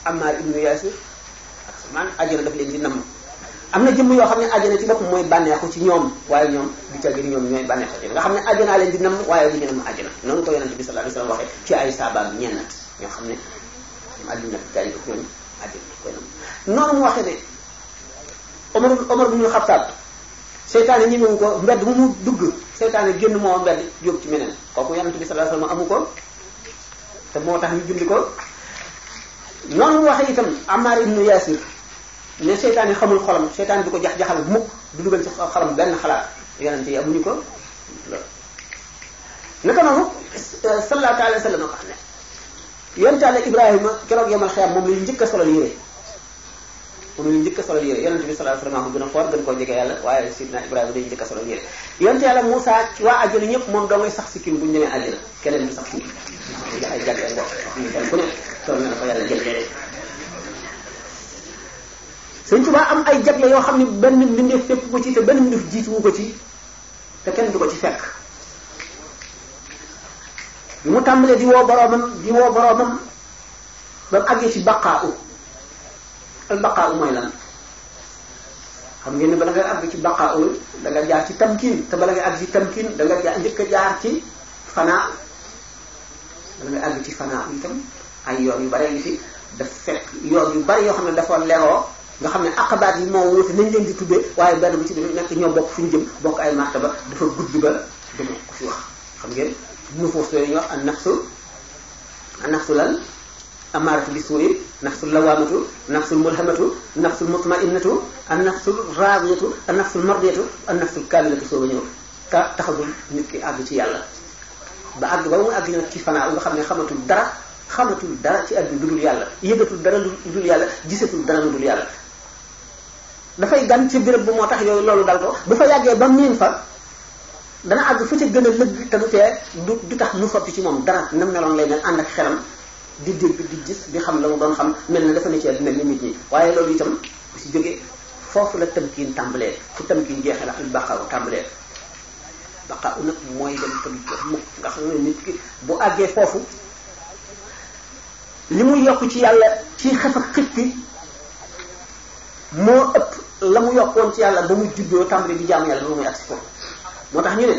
Ammaar ibnu Yaasir ak Salmaan ajjana daf leen di namm am na jëmm yoo xam ne ajjana ci boppam mooy bànneexu ci ñoom waaye ñoom du cagi ni ñoom ñooy bànneexu ci nga xam ne ajjanaa leen waaye du ñu namm ajjana noonu ko yonente bi sallallahu alayhi wasallam waxee ci ay ñoo xam ne ñoom àddina nag gaañ noonu mu waxee ne Omar Omar bu ñu Xattaab seytaane ñi mu ko mbedd mu mu dugg seytaane génn moo mbedd yóbbu ci meneen kooku yonente bi sallallahu alayhi wasallam amu ko te moo tax ñu jundi ko noonu mu itam Ammaar ibnu Yaasir ne seytaan yi xamul xolam seytaan du ko jax-jaxal mukk du dugal ci xolam benn xalaat yonente yi amuñu ko naka noonu sallallahu alayhi wa sallam wax ne yonente Ibrahima keroog yemal xiyam moom lañu njëkk a solal yére mënuñu njëkk a solal yére yonent bi sallallahu alayhi wasallam ko gën a foor gën koo jege yàlla waaye sidna Ibrahima dañu njëkk a solal yére yonent yàlla Moussa ci waa àjjana ñëpp moom doo ngay sax sikkim bu ñu demee keneen du sax sikkim ndax ay jagleel bokk ñu kenn ku ko yàlla am ay jagle yoo xam ne benn mbindeef fépp ko ci te benn mbindeef jiituwu ko ci te kenn ko ci fekk bi mu tàmbalee di woo boroomam di woo boroomam ba mu àggee ci baqaa al baqaaw mooy lan xam ngeen ne bala ngay àgg ci baqaaw da nga jaar ci tamkin te bala ngay àgg ci tamkin da nga jaar njëkk a ci fanaa bala ngay àgg ay yoon yu bare ngi fi daf yoon yu bari yoo xam ne dafa leroo nga xam ne aqabaat yi moo wuute nañ leen di tuddee waaye benn bu ci nekk ñoo bokk fu ñu jëm bokk ay martaba dafa gudd ba dama ko fi wax xam ngeen nufuus yooyu ñuy wax an nafsu an nafsu lan amaaratu bi suu'i nafsul lawaamatu nafsul mulhamatu nafsul mutma'innatu an nafsul raadiyatu an nafsul mardiyatu an nafsul kaamilatu soo ba ñëw ta taxagul nit ki àgg ci yàlla ba àgg ba mu àgg ñëw ci fanaa nga xam ne xamatul dara xamatul dara ci àdduna lu dul yàlla yëgatul dara lu dul yàlla gisatul dara dafay gan ci béréb bu moo tax yooyu loolu dal ko bu fa yàggee ba miin fa dana àgg fu ca gën a lëgg te du tee du du tax mu soppi ci moom dara nam meloon lay mel ànd ak di dégg di gis di xam la mu doon xam mel na dafa ne ci li mel ni nit ñi waaye loolu itam bu si jógee foofu la tamkiin tàmbalee fu tamkiin jeexee la al baqaaw tàmbalee baqaaw nag mooy dem tam mukk nga bu àggee foofu li mu yokk ci yàlla ci xef ak xippi moo ëpp la mu yokkoon ci yàlla ba mu juddoo tàmbali di jaamu yàlla ba muy agsi foofu moo tax ñu ne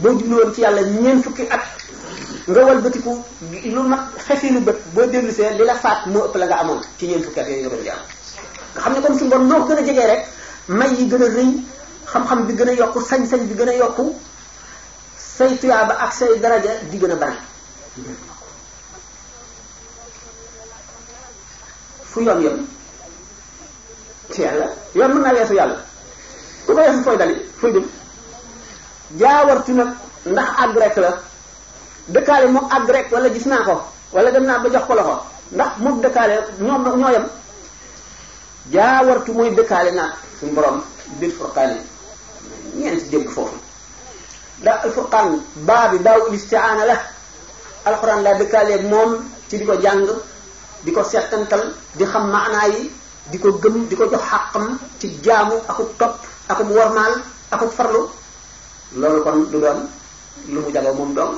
boo juddoon ci yàlla ñeent fukki at nga walbatiku lu mat xefinu bët boo dellu see li la faat moo ëpp la nga amoon ci ñeent fukki at nga doon jàmm nga xam ne kon suñu borom noo ko gën a jegee rek may yi gën a bi gën a yokku sañ gën a yokku say tuyaaba ak say a bari fu ci yàlla yoon mën naa weesu yàlla ku ko weesu fooy dali fooy dem ndax àgg rek la dëkkaale moom àgg rek wala gis naa ko wala dem naa ba jox ko loxo ndax moom dëkkaale ñoom ñoo yem jaawartu mooy dëkkaale naa suñu borom bil furqaan yi ñeent dégg foofu da al furqaan baa bi daaw listiaana la alxuraan laa dëkkaaleeg moom ci di ko jàng di ko settantal di xam maanaa yi di ko gëm di ko jox xàqam ci jaamu akub topp akub wormaal akub farlu loolu kon du doon lu mu jagoo moom doom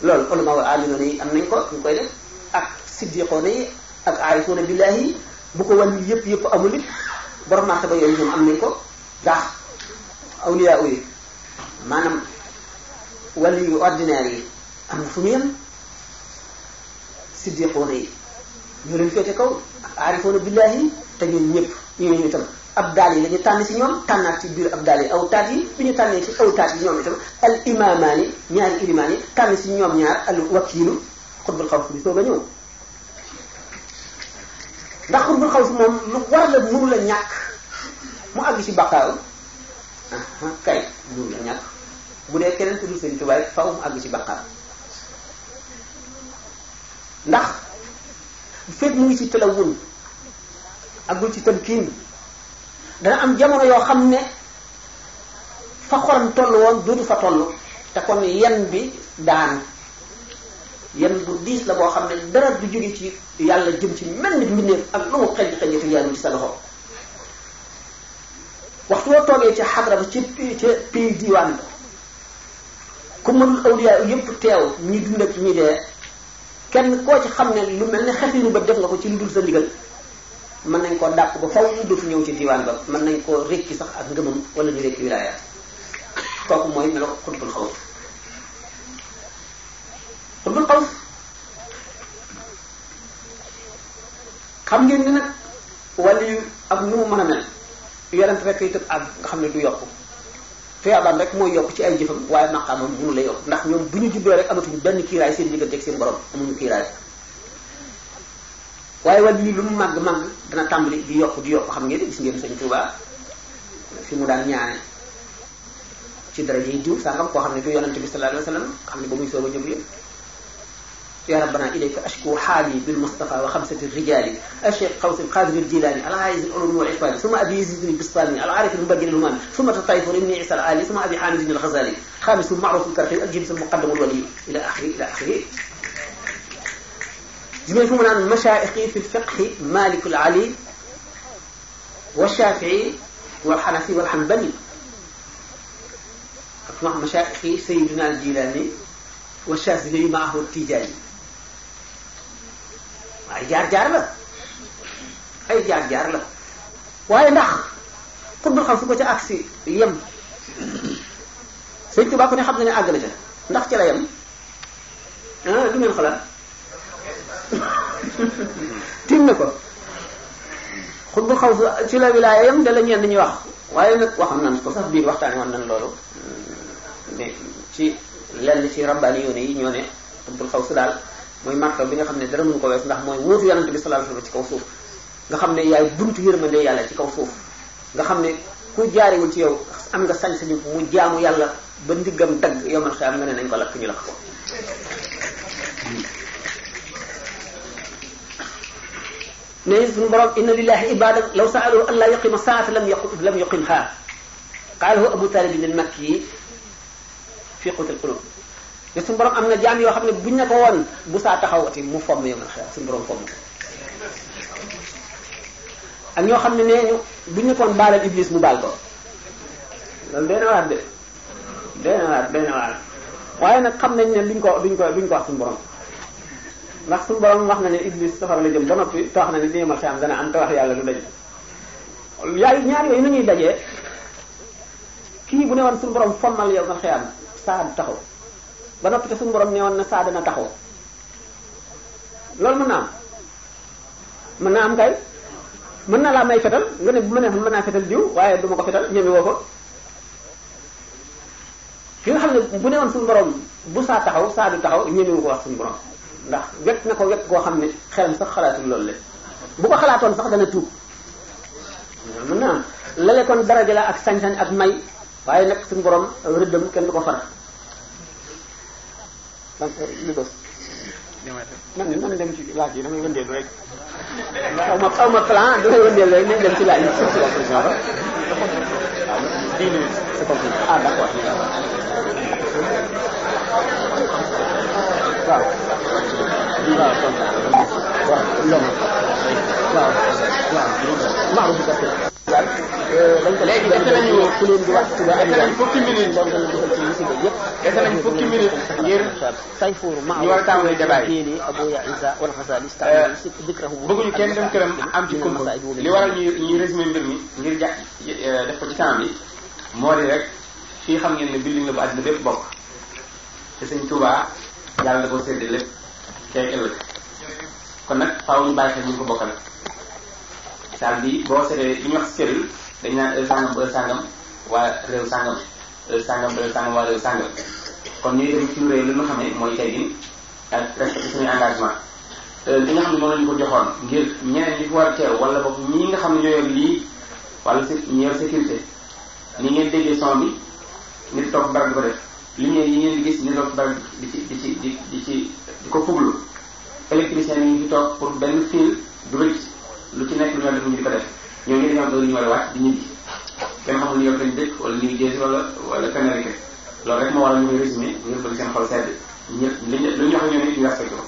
loolu ulama wa alimuna yi am nañ ko ñu koy def ak siddiqoona yi ak aarifuuna billahi bu ko wàllu yëpp yëpp amul it borom martaba yooyu ñoom am nañ ko ndax awliya yi maanaam wàllu yu ordinaire am na fu mu yem siddiqoona yi ñu ko féete kaw ak aarifuuna billahi yi te ñun ñëpp itam ab daal yi lañu ñu tànn ci ñoom tànnaat ci biir ab daal yi aw taat yi bi ñu tànnee ci aw taat yi ñoom itam al imaamaani ñaari ilimaan yi tànn ci ñoom ñaar al wakiilu xutbul xaw bi soo ba ñëw xaw si lu war la mënu la ñàkk mu àgg ci baqaaw kay mënu la ñàkk bu mu àgg ci baqaaw ndax fekk mu ngi ci talawun àggul ci tamkiin dana am jamono yoo xam ne fa xolam toll woon duutu fa toll te kon yen bi daan yenn bu diis la boo xam ne dara du jóge ci yàlla jëm ci mel ni mbindeef ak lu mu xëj xëjati yàlla ci sa loxo waxtu woo toogee ci xadra bu ci ca pays diwaan ba ku mënul awliya yëpp teew ñi dund ak ñi dee kenn koo ci xam ne lu mel ne xefiinu ba def nga ko ci lu dul sa ndigal mën nañ koo dàq ba faw ñu dootu ñëw ci diwaan ba mën nañ koo rékki sax ak ngëmam wala ñu rékki wilaaya kooku mooy melo xutbul xawf xutbul xawf xam ngeen ni nag wàllu yu ak nu mu mën a mel yorent rek itam ak nga xam ne du yokk tuyaabaam rek mooy yokk ci ay jëfam waaye maqaamam mënu la yokk ndax ñoom bu ñu juddoo rek amatuñu benn kiiraay seen diggante ak seen borom amuñu kiiraay waaye wàllu yi lu mu màgg màgg dana tàmbali di yokk di yokk xam ngeen gis ngeen sëñ Tuubaa fi mu daan ñaane ci dara yi diw sàngam koo xam ne du yonante bi sallallahu alayhi wa sallam xam ne ba muy soog a ñëw yëpp ya rabbana ilayka ashku xaali bil mustafa wa xamsati rijaali acheikh xawsi qadir al jilani al haiz al ulum wal ifani suma abi yazid bistani al arif al mubajjal al umami suma tatayfur ibni isa al ali suma abi hamid al ghazali xaamisu maaruf al karxi al jibs al muqaddam al wali ila axiri ila axiri gis ngeen fu mu naan mashaayixi fi fiqhi malikul ali wa shafii wal xanafi wal xanbali ak fu ma xam mashaayixi sayiduna al jilani wa shafii maahu tijaani waaye jaar-jaar la ay jaar-jaar la waaye ndax xutbul xam fu ko ca agsi yem sëñ Tuubaa ko ne xam na ne àgg na ca ndax ci la yem ah lu ngeen xalaat bind na ko xutbul xaw ci la wilaaya yam da la ñenn ñi wax waaye nag waxoon nañ ko sax biir waxtaan woon nañ loolu ci lenn ci rabbaani yoone yi ñoo ne xutbul xaw si daal mooy marka bi nga xam ne dara mënu ko wees ndax mooy wóotu yonent bi sallallahu alayhi wasallam ci kaw suuf nga xam ne yaay buntu yërmande yàlla ci kaw suuf nga xam ne ku jaarewul ci yow am nga sañ sañu mu jaamu yàlla ba ndiggam dagg yow man xëy am nga ne nañ ko lakk ñu lakk ko ne suñu borom inna lillahi ibadan law saaluhu an laa yuqima saata lam yuqim lam yuqim xaar qaalahu abu talib al makki fi qutil qulub ne suñu borom am na jaam yoo xam ne buñ ne bu saa taxawati mu fomm yow xeex suñu borom fomm ko ak ñoo xam ne nee ñu buñ ne ko woon baalal iblis mu baal ko loolu day na waar de day na waar day na waar waaye nag xam nañ ne duñ ko duñ ko duñ ko wax suñu borom. ndax suñu borom wax na ne Iblis safara la jëm ba noppi te wax na ne nii ma xam dana am te wax yàlla du daj yaay ñaar yooyu nu ñuy kii bu ne woon suñu borom fommal yow nga xiyam saa taxaw ba noppi te suñu borom ne woon na taxaw loolu mën mën na am kay mën na laa may fetal nga ne bu ma neexoon mën naa waaye du ko fetal ñeme woo ko ki nga xam ne bu ne woon suñu borom bu saa taxaw saa taxaw ñeme wu ko wax suñu borom. ndax wet na ko wet goo xam ne xelam sax xalaatul loolu le bu ko xalaatoon sax dana tuub mën na am lale daraja la ak sañ-sañ ak may waaye nag suñu borom rëddam kenn du ko far donc euh, li bës man ni man dem ci laaj yi damay wëndeelu rek aw ma plan damay wëndeelu rek nañ dem ci laaj yi si conclusion ba dix waaw waaw waaw léegi dese nañu dese nañu fukki minute dese nañu fukki minute ngir ñu war a tàmbali débat yi bëgguñu kenn dem këram am ci kumpa li waral ñu ñu résumé mbir mi ngir ja def ko ci temps bi moo di rek fii xam ngeen ne building la bu àddina bépp bokk te sëñ Touba yàlla da ko séddee lépp tey kon nag faaw ñu bàyyi xel ñu ko bokkal saal bi boo seetee li ñuy wax cellule dañ naan heure sangam ba heure sangam waa réew sangam heure sangam ba heure sangam waa réew sangam kon ñuy dem ci lu réew li ñu xamee mooy tey jii ak respecté suñu engagement li nga xam ne moom lañu ko joxoon ngir ñeneen ñi fi war a teew wala boog ñi nga xam ne ñoo yor lii wala ñi yor sécurité ni ngeen déggee son bi nit toog barab di ko def lumière yi ngeen di gis ñu doon bari di ci di ci di di ci di ko puglu électricien yi ñu fi toog pour benn fil du rëcc lu ci nekk lu mel ni ñu di ko def ñooñu dañoo am heure ñu war a wàcc di ñibbi kenn xamul ni yow lañ dëkk wala New Jersey wala wala Connecticut loolu rek moo waral ñu koy résumé ngir bëgg seen xol sedd ñëpp liñ la ñu wax ak ñoom it ñu respecté ko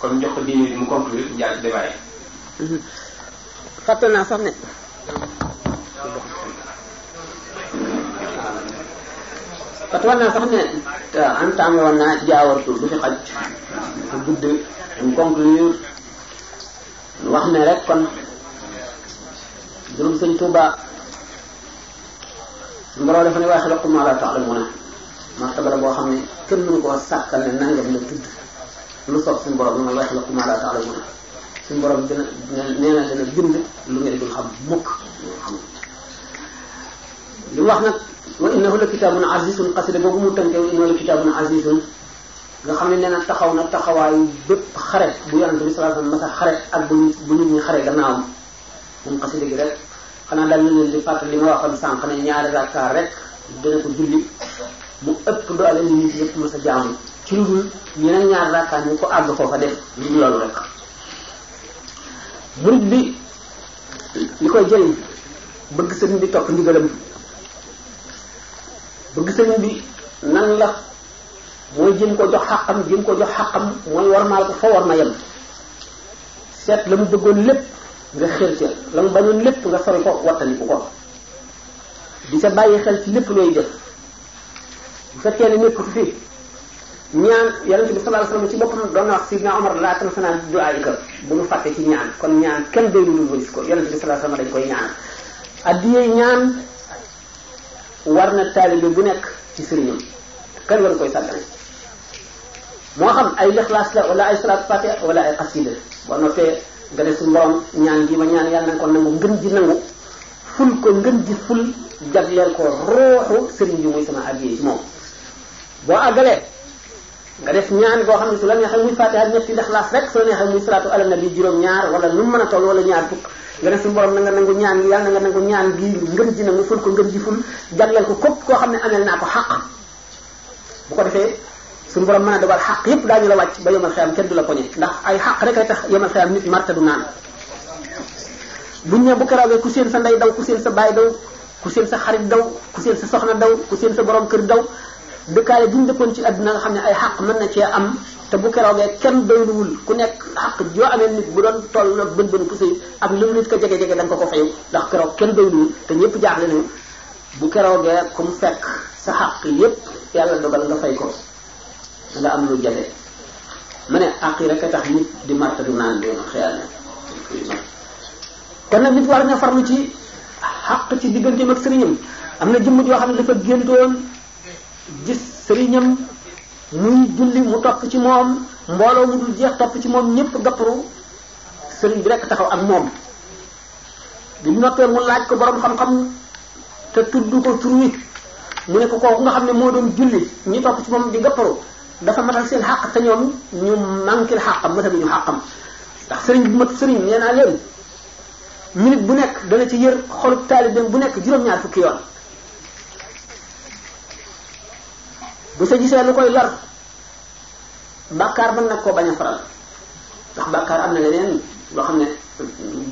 kon jox ko dix minutes mu conclure ñu jàll ci débat yi. fàtte naa sax ne. fatwa naa sax ne en temps woon naa jaawartu du fi xaj bu gudd ñu conclure wax ne rek kon jurum sëñ Tuuba suñu borom dafa ne waaye xel xuma la ta'lamuna martaba la boo xam ne kenn mënu koo sàkkal ne nangam la tudd lu soob suñu borom mooy waaye xel xuma la ta'lamuna suñu borom dina nee na dina bind lu ngeen dul xam mukk li mu wax nag wa innahu la kitaabun azizun xasida boobu mu tënkee wa innahu la kitaabun azizun nga xam ne nee taxaw na taxawaayu bépp xare bu yonente bi sallallahu alayhi wasallam masa xare ak bu bu nit ñi xare gannaawam moom xasida gi rek xanaa daal ñu leen di fàttali li ma waxoon sànq ne ñaari rakkaar rek dana ko julli mu ëpp doole nit ñi ma masa jaamu ci lu dul ñeneen ñaari rakkaar ñu ko àgg foofa def lu dul loolu rek murid bi li koy jëriñ bëgg sëriñ bi topp ndigalam bëgg sëriñ bi nan la mooy jëm ko jox xaqam jëm ko jox xaqam mooy war maal ko fa war ma yem seet la mu bëggoon lépp nga xel ci la mu bañoon lépp nga sori ko wattaliku ko di sa bàyyi xel ci lépp looy def bu fekkee ne nekkut fi ñaan yonent bi sallallahu alayhi wasallam ci boppam doon na wax sidna Omar laa tansanaa du'aaika bu mu fàtte ci ñaan kon ñaan kenn doylu lu wëris ko yonent bi sallallahu alayhi wasallam dañ ko ñaan addiyee ñaan war na taalibe bu nekk ci sëriñam kenn waru koy sàggane moo xam ay lixlaas la wala ay salaatu fatiha wala ay xasida boo noppee nga def suñu ñaan gi ma ñaan yàlla na ko nangu ngën ji nangu ful ko ngën ji ful jagleel ko rooxu sëriñ bi muy sama addiye ci moom boo àggalee nga def ñaan boo xam ne su la neexee muy fatiha ñetti lixlaas rek su la neexee muy salaatu ala nabi juróom ñaar wala nu mu mën a toll wala ñaar fukk nga ne suñu borom na nga nangu ñaan gi yàlla na nga nangu ñaan gi ngëm ji nangu ful ko ngëm ji ful jagleel ko képp koo xam ne amel naa ko xaq bu ko defee su borom mën a dogal xaq yépp daañu la wàcc ba yomal xeyam kenn du la poñe ndax ay xaq rek ay tax yomal xeyam nit marte du naan buñ ne bu keroogee ku seen sa ndey daw ku seen sa baay daw ku seen sa xarit daw ku seen sa soxna daw ku seen sa boroom kër daw dëkkaale gi ñu dëkkoon ci àdduna nga xam ne ay xaq mën na cee am te bu keroogee kenn doyluwul ku nekk xaq joo amee nit bu doon toll nag bën bën puso ak lu mu nit ko ko ko fayu ndax kenn doyluwul te ñëpp jaaxle nañu bu keroogee ku mu fekk sa xaq yépp yàlla dogal nga fay ko nga am lu jafe ma ne àq yi rek a tax nit di marta du doon xëyal na kon nag nit war na farlu ci xaq ci digganteem ak sëriñam am na jëmm yoo xam ne dafa géntoon gis sëriñam muy julli mu topp ci moom mbooloo mu dul jeex topp ci moom ñëpp gapparu sëriñ bi rek taxaw ak moom bi mu noppee mu laaj ko borom xam-xam te tudd ko tur mu ne ko kooku nga xam ne moo doom julli ñi topp ci moom di gapparu dafa matal seen xàq te ñoom ñu manquil xàqam mata bi ñu xàqam ndax sëriñ bu mat sëriñ nee naa leen minute bu nekk dana ci yër xolub taalibeem bu nekk juróom-ñaar fukki yoon bu sa gisee lu koy lor bàkkaar mën nag koo bañ a faral ndax bàkkaar am na leneen loo xam ne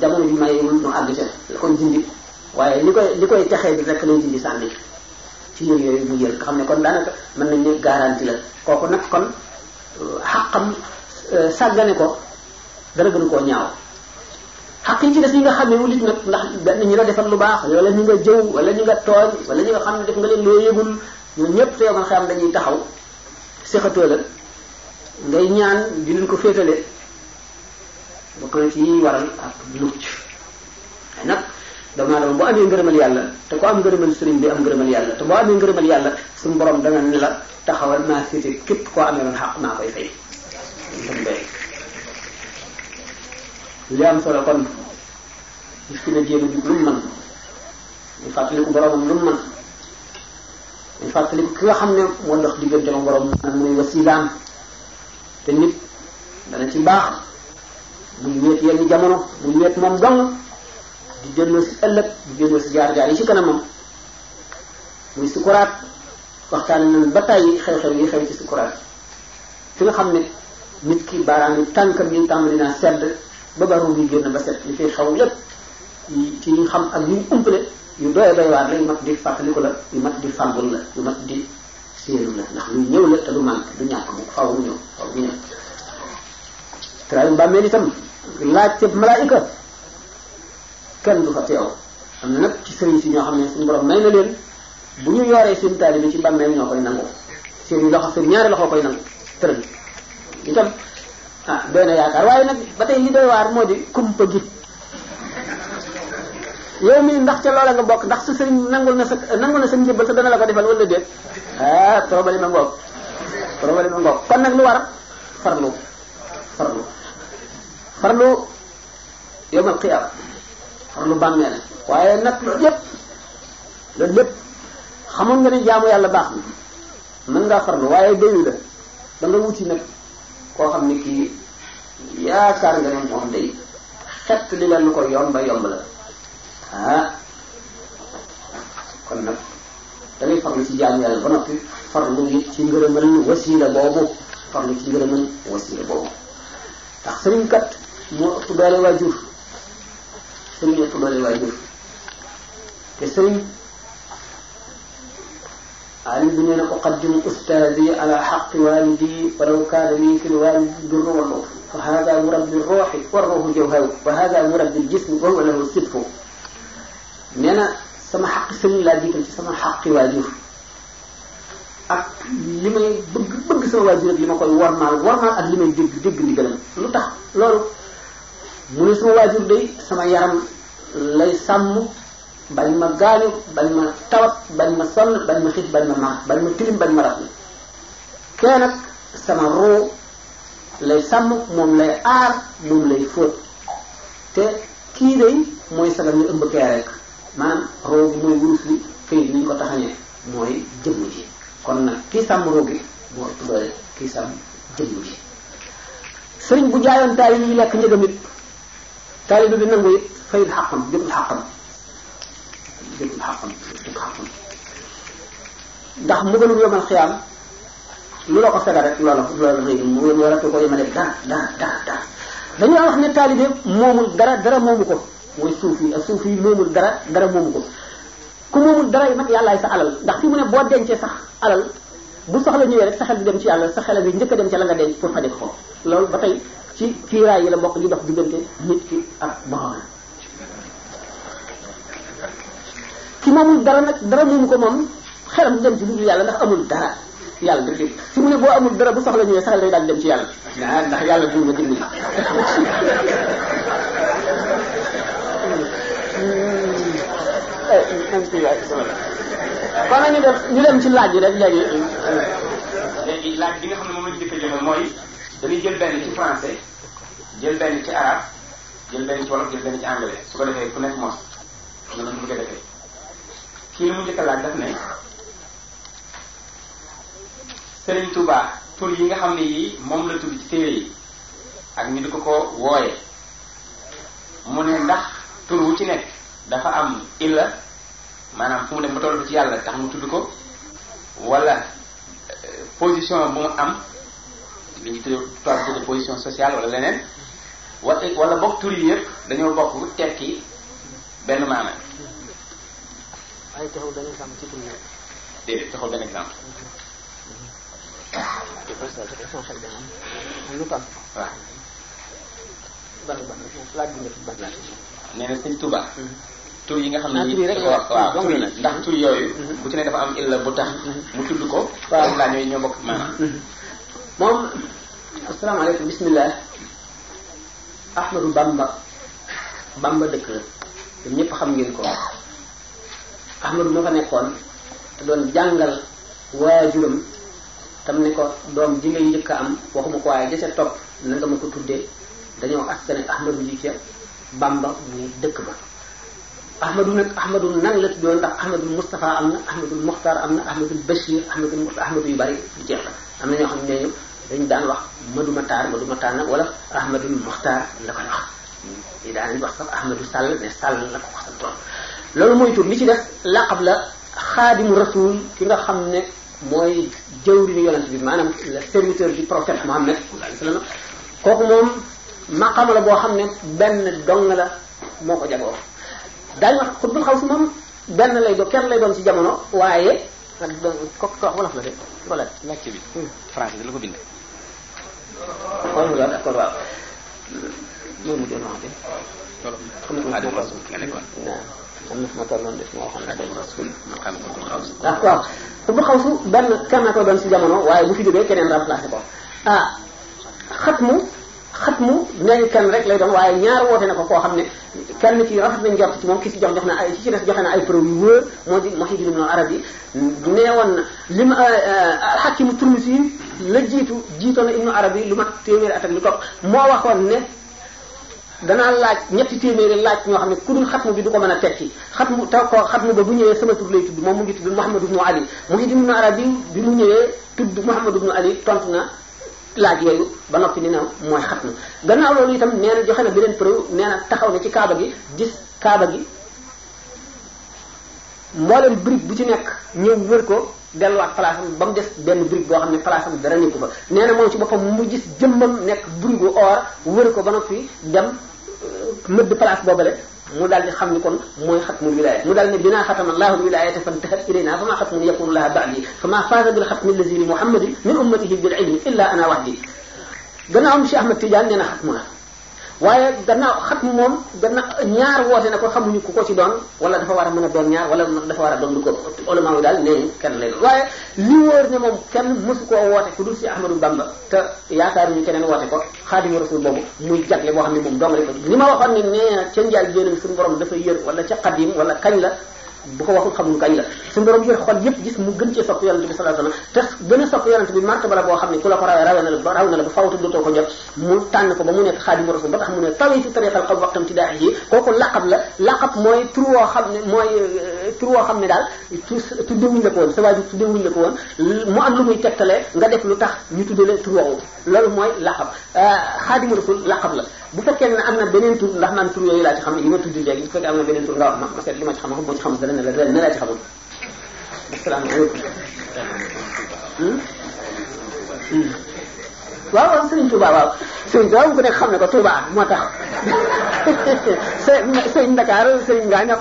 jamono bi may mën noo àgg ca la ko jindi waaye li koy li koy texee di rek lay jindi sànni ci yër yooyu mu nga xam ne kon daanaka mën nañ ne garanti la kooku nag kon xaqam euh, sàggane ko dara gën koo ñaaw xaq ci des ñi xam ne ndax nit ñi la defal lu baax wala ñu nga jëw wala ñu nga tooñ wala ñu nga xam ne def nga leen loo yëgul ñoom ñëpp fa yomal xam dañuy taxaw séxatoo la ngay ñaan di ko féetale bokk na ci waral ak mucc ay nag doomu aadama boo amee ngërëmal yàlla te ko am ngërëmal sëriñ bi am ngërëmal yàlla te boo amee ngërëmal yàlla suñu borom dana la taxawal maa féete képp koo amee woon xaq maa koy fay li am solo kon gis ki ne jéem lu mu mën ñu fàttaliku boromam lu mu mën dañ fàttali ki nga xam ne moo dox diggante ma borom nag muy wasilaam te nit dana ci baax muy wéet yenn jamono muy wéet moom dong di delloo si ëllëg di delloo si jaar-jaar yi ci kanamam muy sukuraat waxtaan nañ ba tàyyi xew-xew yi xew ci sukuraat fi nga xam ne nit ki baaraam yi tànkam yi tàmbali naa sedd ba baru bi génn ba set li fi xew lépp ci xam ak ñu umpale yu doy doy waar la yu mat di fàttaliku la yu mat di fàggul la yu mat di séenu la ndax lu ñëw la te du manque ñàkk bu faaw mu ñëw faaw mu ñëw traayu mbàmmeel itam laaj cëb malaayika kenn du fa teew am na nag ci sëriñ si ñoo xam bu ñu yoree seen taalibe ci mbàmmeel ñoo koy nangu seen loxo seen ñaari loxo koy nangu tëral itam ah doy na yaakaar waaye nag ba tey li doy waar moo di kumpa gi yow mii ndax ca loola nga bokk ndax su sëriñ nangul na sa nangul na sa njëbbal sa dana la ko defal wala déet ah problème ma ngoog problème ma ngoog kon nag lu war farlu farlu farlu yowmal xiyaam farlu bàmmeel waaye nag loolu lépp loolu lépp xamoon nga ne jaamu yàlla baax na mën ngaa farlu waaye doyu la nga wuti nag koo xam ne kii yaakaar nga ne moom day xett li la lu ko yomba yomb la ah kon nag dangay farlu ci jaamu yàlla ba noppi farlu it ci ngërëmal wasiila boobu farlu ci ngërëmal wasiila boobu ndax sëriñ kat moo ëpp doole waajur sëriñ ëpp doole waajur te sëriñ alim bi nee na uqaddimu ustaadi ala xaqi walidi walaw kaana lii fi lwalidi durru walloofu fa hada murabbi ruuxi wa ruuxu jawharu wa hada murabbi ljismi wa huwa lahu sidqu nee na sama xaqi sëriñ laa jiital ci sama xaqi waajur ak li may bëgg bëgg sama waajur ak li ma koy warmaal warmaal ak li may dégg lu tax loolu mu ne sama waajur day sama yaram lay sàmm bañ ma gaañu ma tawat bañ ma sonn bañ ma xiif bañ ma mar bañ ma tilim bañ ma rab sama ruu lay sàmm moom lay aar moom lay fóot te kii day mooy sagar ñu ëmb kee rek maanaam roogi mooy wurus bi këyit nañ ko taxañee mooy jëmm ji kon nag kii sàmm roogi moo ëpp doole ji sëriñ bu jaayoon taalib yi lekk njëgam it bi nangu it fayul xàqam jëmul xàqam jëmul xàqam jëmul xàqam ndax mbugalum yomal xiyaam lu la ko fega rek loola loola réy mu waratu ko yemale dara dara dara dara dañu wax ne dara dara moomu ko mooy suuf yi ak suuf yi dara dara moomu ko ku moomul dara yi nag yàllaay sa alal ndax fi mu ne boo dencee sax alal bu soxla ñëwee rek sa xel di dem ci yàlla sa xel bi njëkk a dem ci la nga denc pour fa ko loolu ba tey ci kiiraay yi la mbokk ñu dox diggante nit ki ak borom dara nag dara moomu ko moom xelam dem ci lu dul yàlla ndax amul dara da dé fi mu ne boo amul dara bu soxla ñëwee saxal day daal dem ci yàlla ndax kon nag ñu def ñu dem ci laaj yi rek léegi. laaj bi nga xam ne moom la ñu njëkk a mooy dañuy jël benn ci français jël benn ci arabe jël benn ci wolof jël anglais su ko defee ku nekk moom noonu la ñu bëgg a defee kii li mu njëkk laaj daf ne Serigne Touba tur yi nga xam ne yii moom la tudd ci téere yi ak ñu di ko ko wooye mu ne ndax. tur wu ci nekk dafa am illa maanaam fu mu nekk mu toll ci yàlla tax mu tudd ko wala euh, position bu mu am li ñu tudd position sociale wala leneen wa wala bokk tur yi yëpp dañoo bokk tekki benn maanaam. ay taxul benn exemple ci tur benn exemple. waaw. ban ban laaj bi nga fi nee na sëñ Touba. Mm-hmm. tur yi nga xam ne nii ah, dafa wax tur yooyu. bu mm-hmm. ci ne dafa am illa bu tax. Mm-hmm. mu tudd ko. waaw xam naa ñoo bokk maanaam. moom. asalaamaaleykum bisimilah. Ahmadou Bamba. Bamba dëkk la. ñun ñëpp xam ngeen ko. Ahmadou moo fa nekkoon te doon jàngal waajuram tam ne ko doom ji ngay njëkk am waxuma ko waaye dese topp na ma ko tuddee dañoo sa ak Ahmadou Ndikia. Bamba muy dëkk ba ahmadu nag ahmadu nan la tuddoon ndax ahmadul Moustapha am na ahmadul Mokhtar am na ahmadul Bachir ahmadul Moustapha ahmadu yu bari jeex na am na ñoo xam ne ñooñu dañu daan wax maduma taar maduma taar nag wala ahmadul Mokhtar la koy wax li daan wax sax ahmadu Sall ne Sall la ko wax loolu mooy tur li ci def laqab la xaadimu rasul ki nga xam ne mooy jëwriñu yonent bi maanaam le serviteur du prophète Mohammed sallallahu alayhi wa sallam kooku moom maqama la boo xam ne benn dong la moo ko jagoo daañu wax xutbul xaw benn lay doon kenn lay ci jamono waaye ak kooku wax wolof la de wala. làkk bi hmm. ko bindee. kon loolu d'accord waaw loolu xaw si. benn kenn na ko doon ci jamono waaye bu fi jógee keneen remplacé ko ah xatmu. xatmu neeñu kenn rek lay doon waaye ñaar woote na ko koo xam ne kenn ci rafet nañ njort ci moom ki si jox jox na ay ci ci des joxe na ay preuve yu wóor moo di Muhyiddin Ibn Arabi neewoon na li ma euh, Hakim Turmisi la jiitu jiitoon na Ibn Arabi lu mat téeméeri at ak ko topp moo waxoon ne danaa laaj ñetti téeméeri laaj ñoo xam ne ku dul xatmu bi du ko mën a tekki xatmu taw ko xatmu ba bu ñëwee sama tur bi tudd moom mu ngi tudd Muhammad ibnu Ali Muhyiddin Ibn Arabi bi mu ñëwee tudd Muhammad ibnu Ali tontu na laaj yooyu ba noppi ni ne mooy xatmu gannaaw loolu itam nee na joxe na beneen preuve nee na taxaw na ci kaaba gi gis kaaba gi mboolem brique bu ci nekk ñëw wër ko delluwaat place am ba mu des benn brique boo xam ne place am dara nekku ba nee na moom ci boppam mu gis jëmmam nekk brique bu wër ko ba noppi dem mëdd euh, place boobale mu daal di xam ni kon mooy xatmul wilaya mu daal ne binaa xatama allahu wilayata fantahat ilayna fa maa xatmun yakunu laha baadi fa maa faaza bil xatmi allazi li muhammadin min ummatihi bil ilmi illa ana wahdi gannaaw am Cheikh Ahmad Tidiane nee na xatmu na waaye gannaaw xat mu moom gannaaw ñaar woote na ko xamuñu ku ko ci doon wala dafa war a mën a doon ñaar wala dafa war a doon lu ko ulama daal nee kenn lay doon waaye li wóor ne moom kenn mësu koo woote ku dul ci Ahmadou Bamba te yaakaaruñu keneen woote ko xaadimu rasul boobu muy jagle boo xam ne moom dong la ko li ma waxoon ne nee ca njaal jéenam suñu borom dafa yër wala ca xadim wala kañ la bu ko waxul xamul kañ la suñu borom jël xol yépp gis mu gën cee sopp yonente bi sallallahu alayhi wasallam te gën a sopp yonente bi martaba la boo xam ne ku la ko rawee rawe na la ba raw na la ba fawtu dootoo ko jot mu tànn ko ba mu nekk xaadimu rasul ba tax mu ne tawi si tariqal xaw waxtam ci daax yi kooku laqab la laqab mooy tur woo xam ne mooy euh, tur woo xam ne daal tudde wuñ la ko woon sa waajur tudde wuñ la ko woon mu am lu muy tegtalee nga def lu tax ñu tuddale tur woowu loolu mooy laqab euh, xaadimu rasul laqab la bu fekkee ne am na beneen tur ndax man tur yooyu laa ci xam ne yi ma tudd léegi bu fekkee am na beneen tur nga wax ma ma seet li ma ci xam xam moo ci xam dana mel dana mel ci xamul asalaamaaleykum. waaw waaw Serigne Touba waaw Serigne Touba moom ku nekk xam ne ko Touba moo tax Serigne Serigne Dakar Serigne Ngagne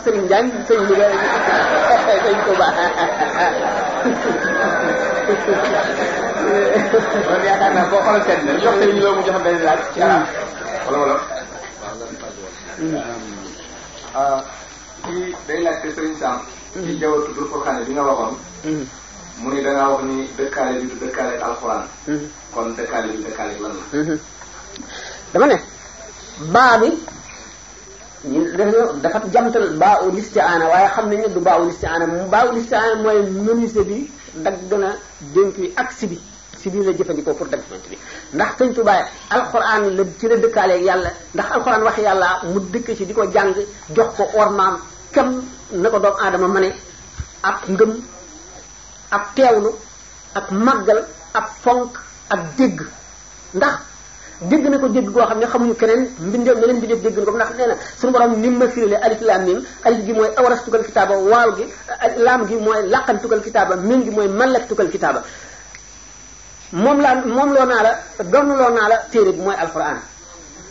ak kii day laajte Serigne Sam. Mm-hmm. ci jawwatu Furqaane bi nga waxoon. Mm-hmm. mu ni da ngaa wax ni dëkkaale bi du dëkkaale ak alxuraan. Mm-hmm. kon dëkkaale bi dëkkaale lan la. dama ne baa bi ñu dafa jamtal baa u listiaana waaye xam nañ ne du baa u listiaana baa u listiaana mooy menuisier bi dagg na dénk yi bi. si lii la jëfandikoo pour dem yonent bi ndax te sëñ Tuubaa alxuraan la ci la dëkkaaleeg yàlla ndax alxuraan wax yàlla mu dëkk ci di ko jàng jox ko ormaam kam na ko doomu aadama ma ne ak ngëm ak teewlu ak màggal ak fonk ak dégg ndax dégg na ko dégg goo xam ne xamuñu keneen mbindeef meneen mbindeef dégg na ko ndax nee na suñu ni ma firale alif laam mim alif gi mooy awras tugal kitaaba waaw gi laam gi mooy laqan tugal kitaaba mim gi mooy mallak tugal kitaaba moom laa moom loo naa la donn loo naa la téere bi mooy alquran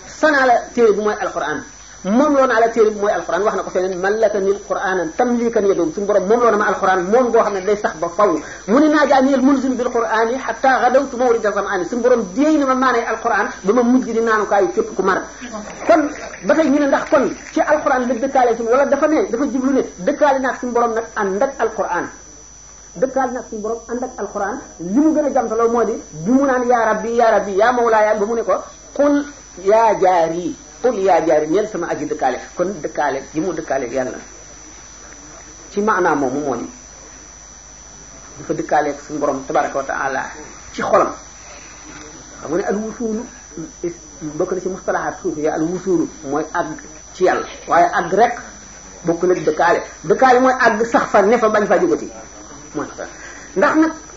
sanaa la téere bi mooy alquran moom loo naa la téere bi mooy alquran wax na ko feneen mallaka nil quranan tamlikan yadoom suñu borom moom loo na ma alquran moom goo xam ne day sax ba faw mu ne naaja niel mulzim bil qurani hatta gadawtu mawrida zamani suñu borom déey na ma maanay alquran ba ma mujj di naanukaayu képp ku mar kon ba tey ñu ne ndax kon ci alquran la dëkkaale suñu wala dafa ne dafa jublu ne dëkkaale naak suñu borom nag ànd ak alquran dëkkaal nag suñu borom ànd ak alxuraan li mu gën a jamtaloo moo di bi naan yaa rabbi yaa rabbi yaa mawlaaya ba mu ne ko xul yaa jaari xul yaa jaari ñeel sama aji dëkkaale kon dëkkaale ji dëkkaale yàlla ci maanaa moomu moo suñu borom tabaraka wa taala ci xolam xam nga ne al bokk na ci mustalahaat suuf ya al mooy àgg ci yàlla waaye àgg rek bokk na dëkkaale dëkkaale mooy àgg sax fa ne fa bañ faa jógati mooy xasaar ndax nag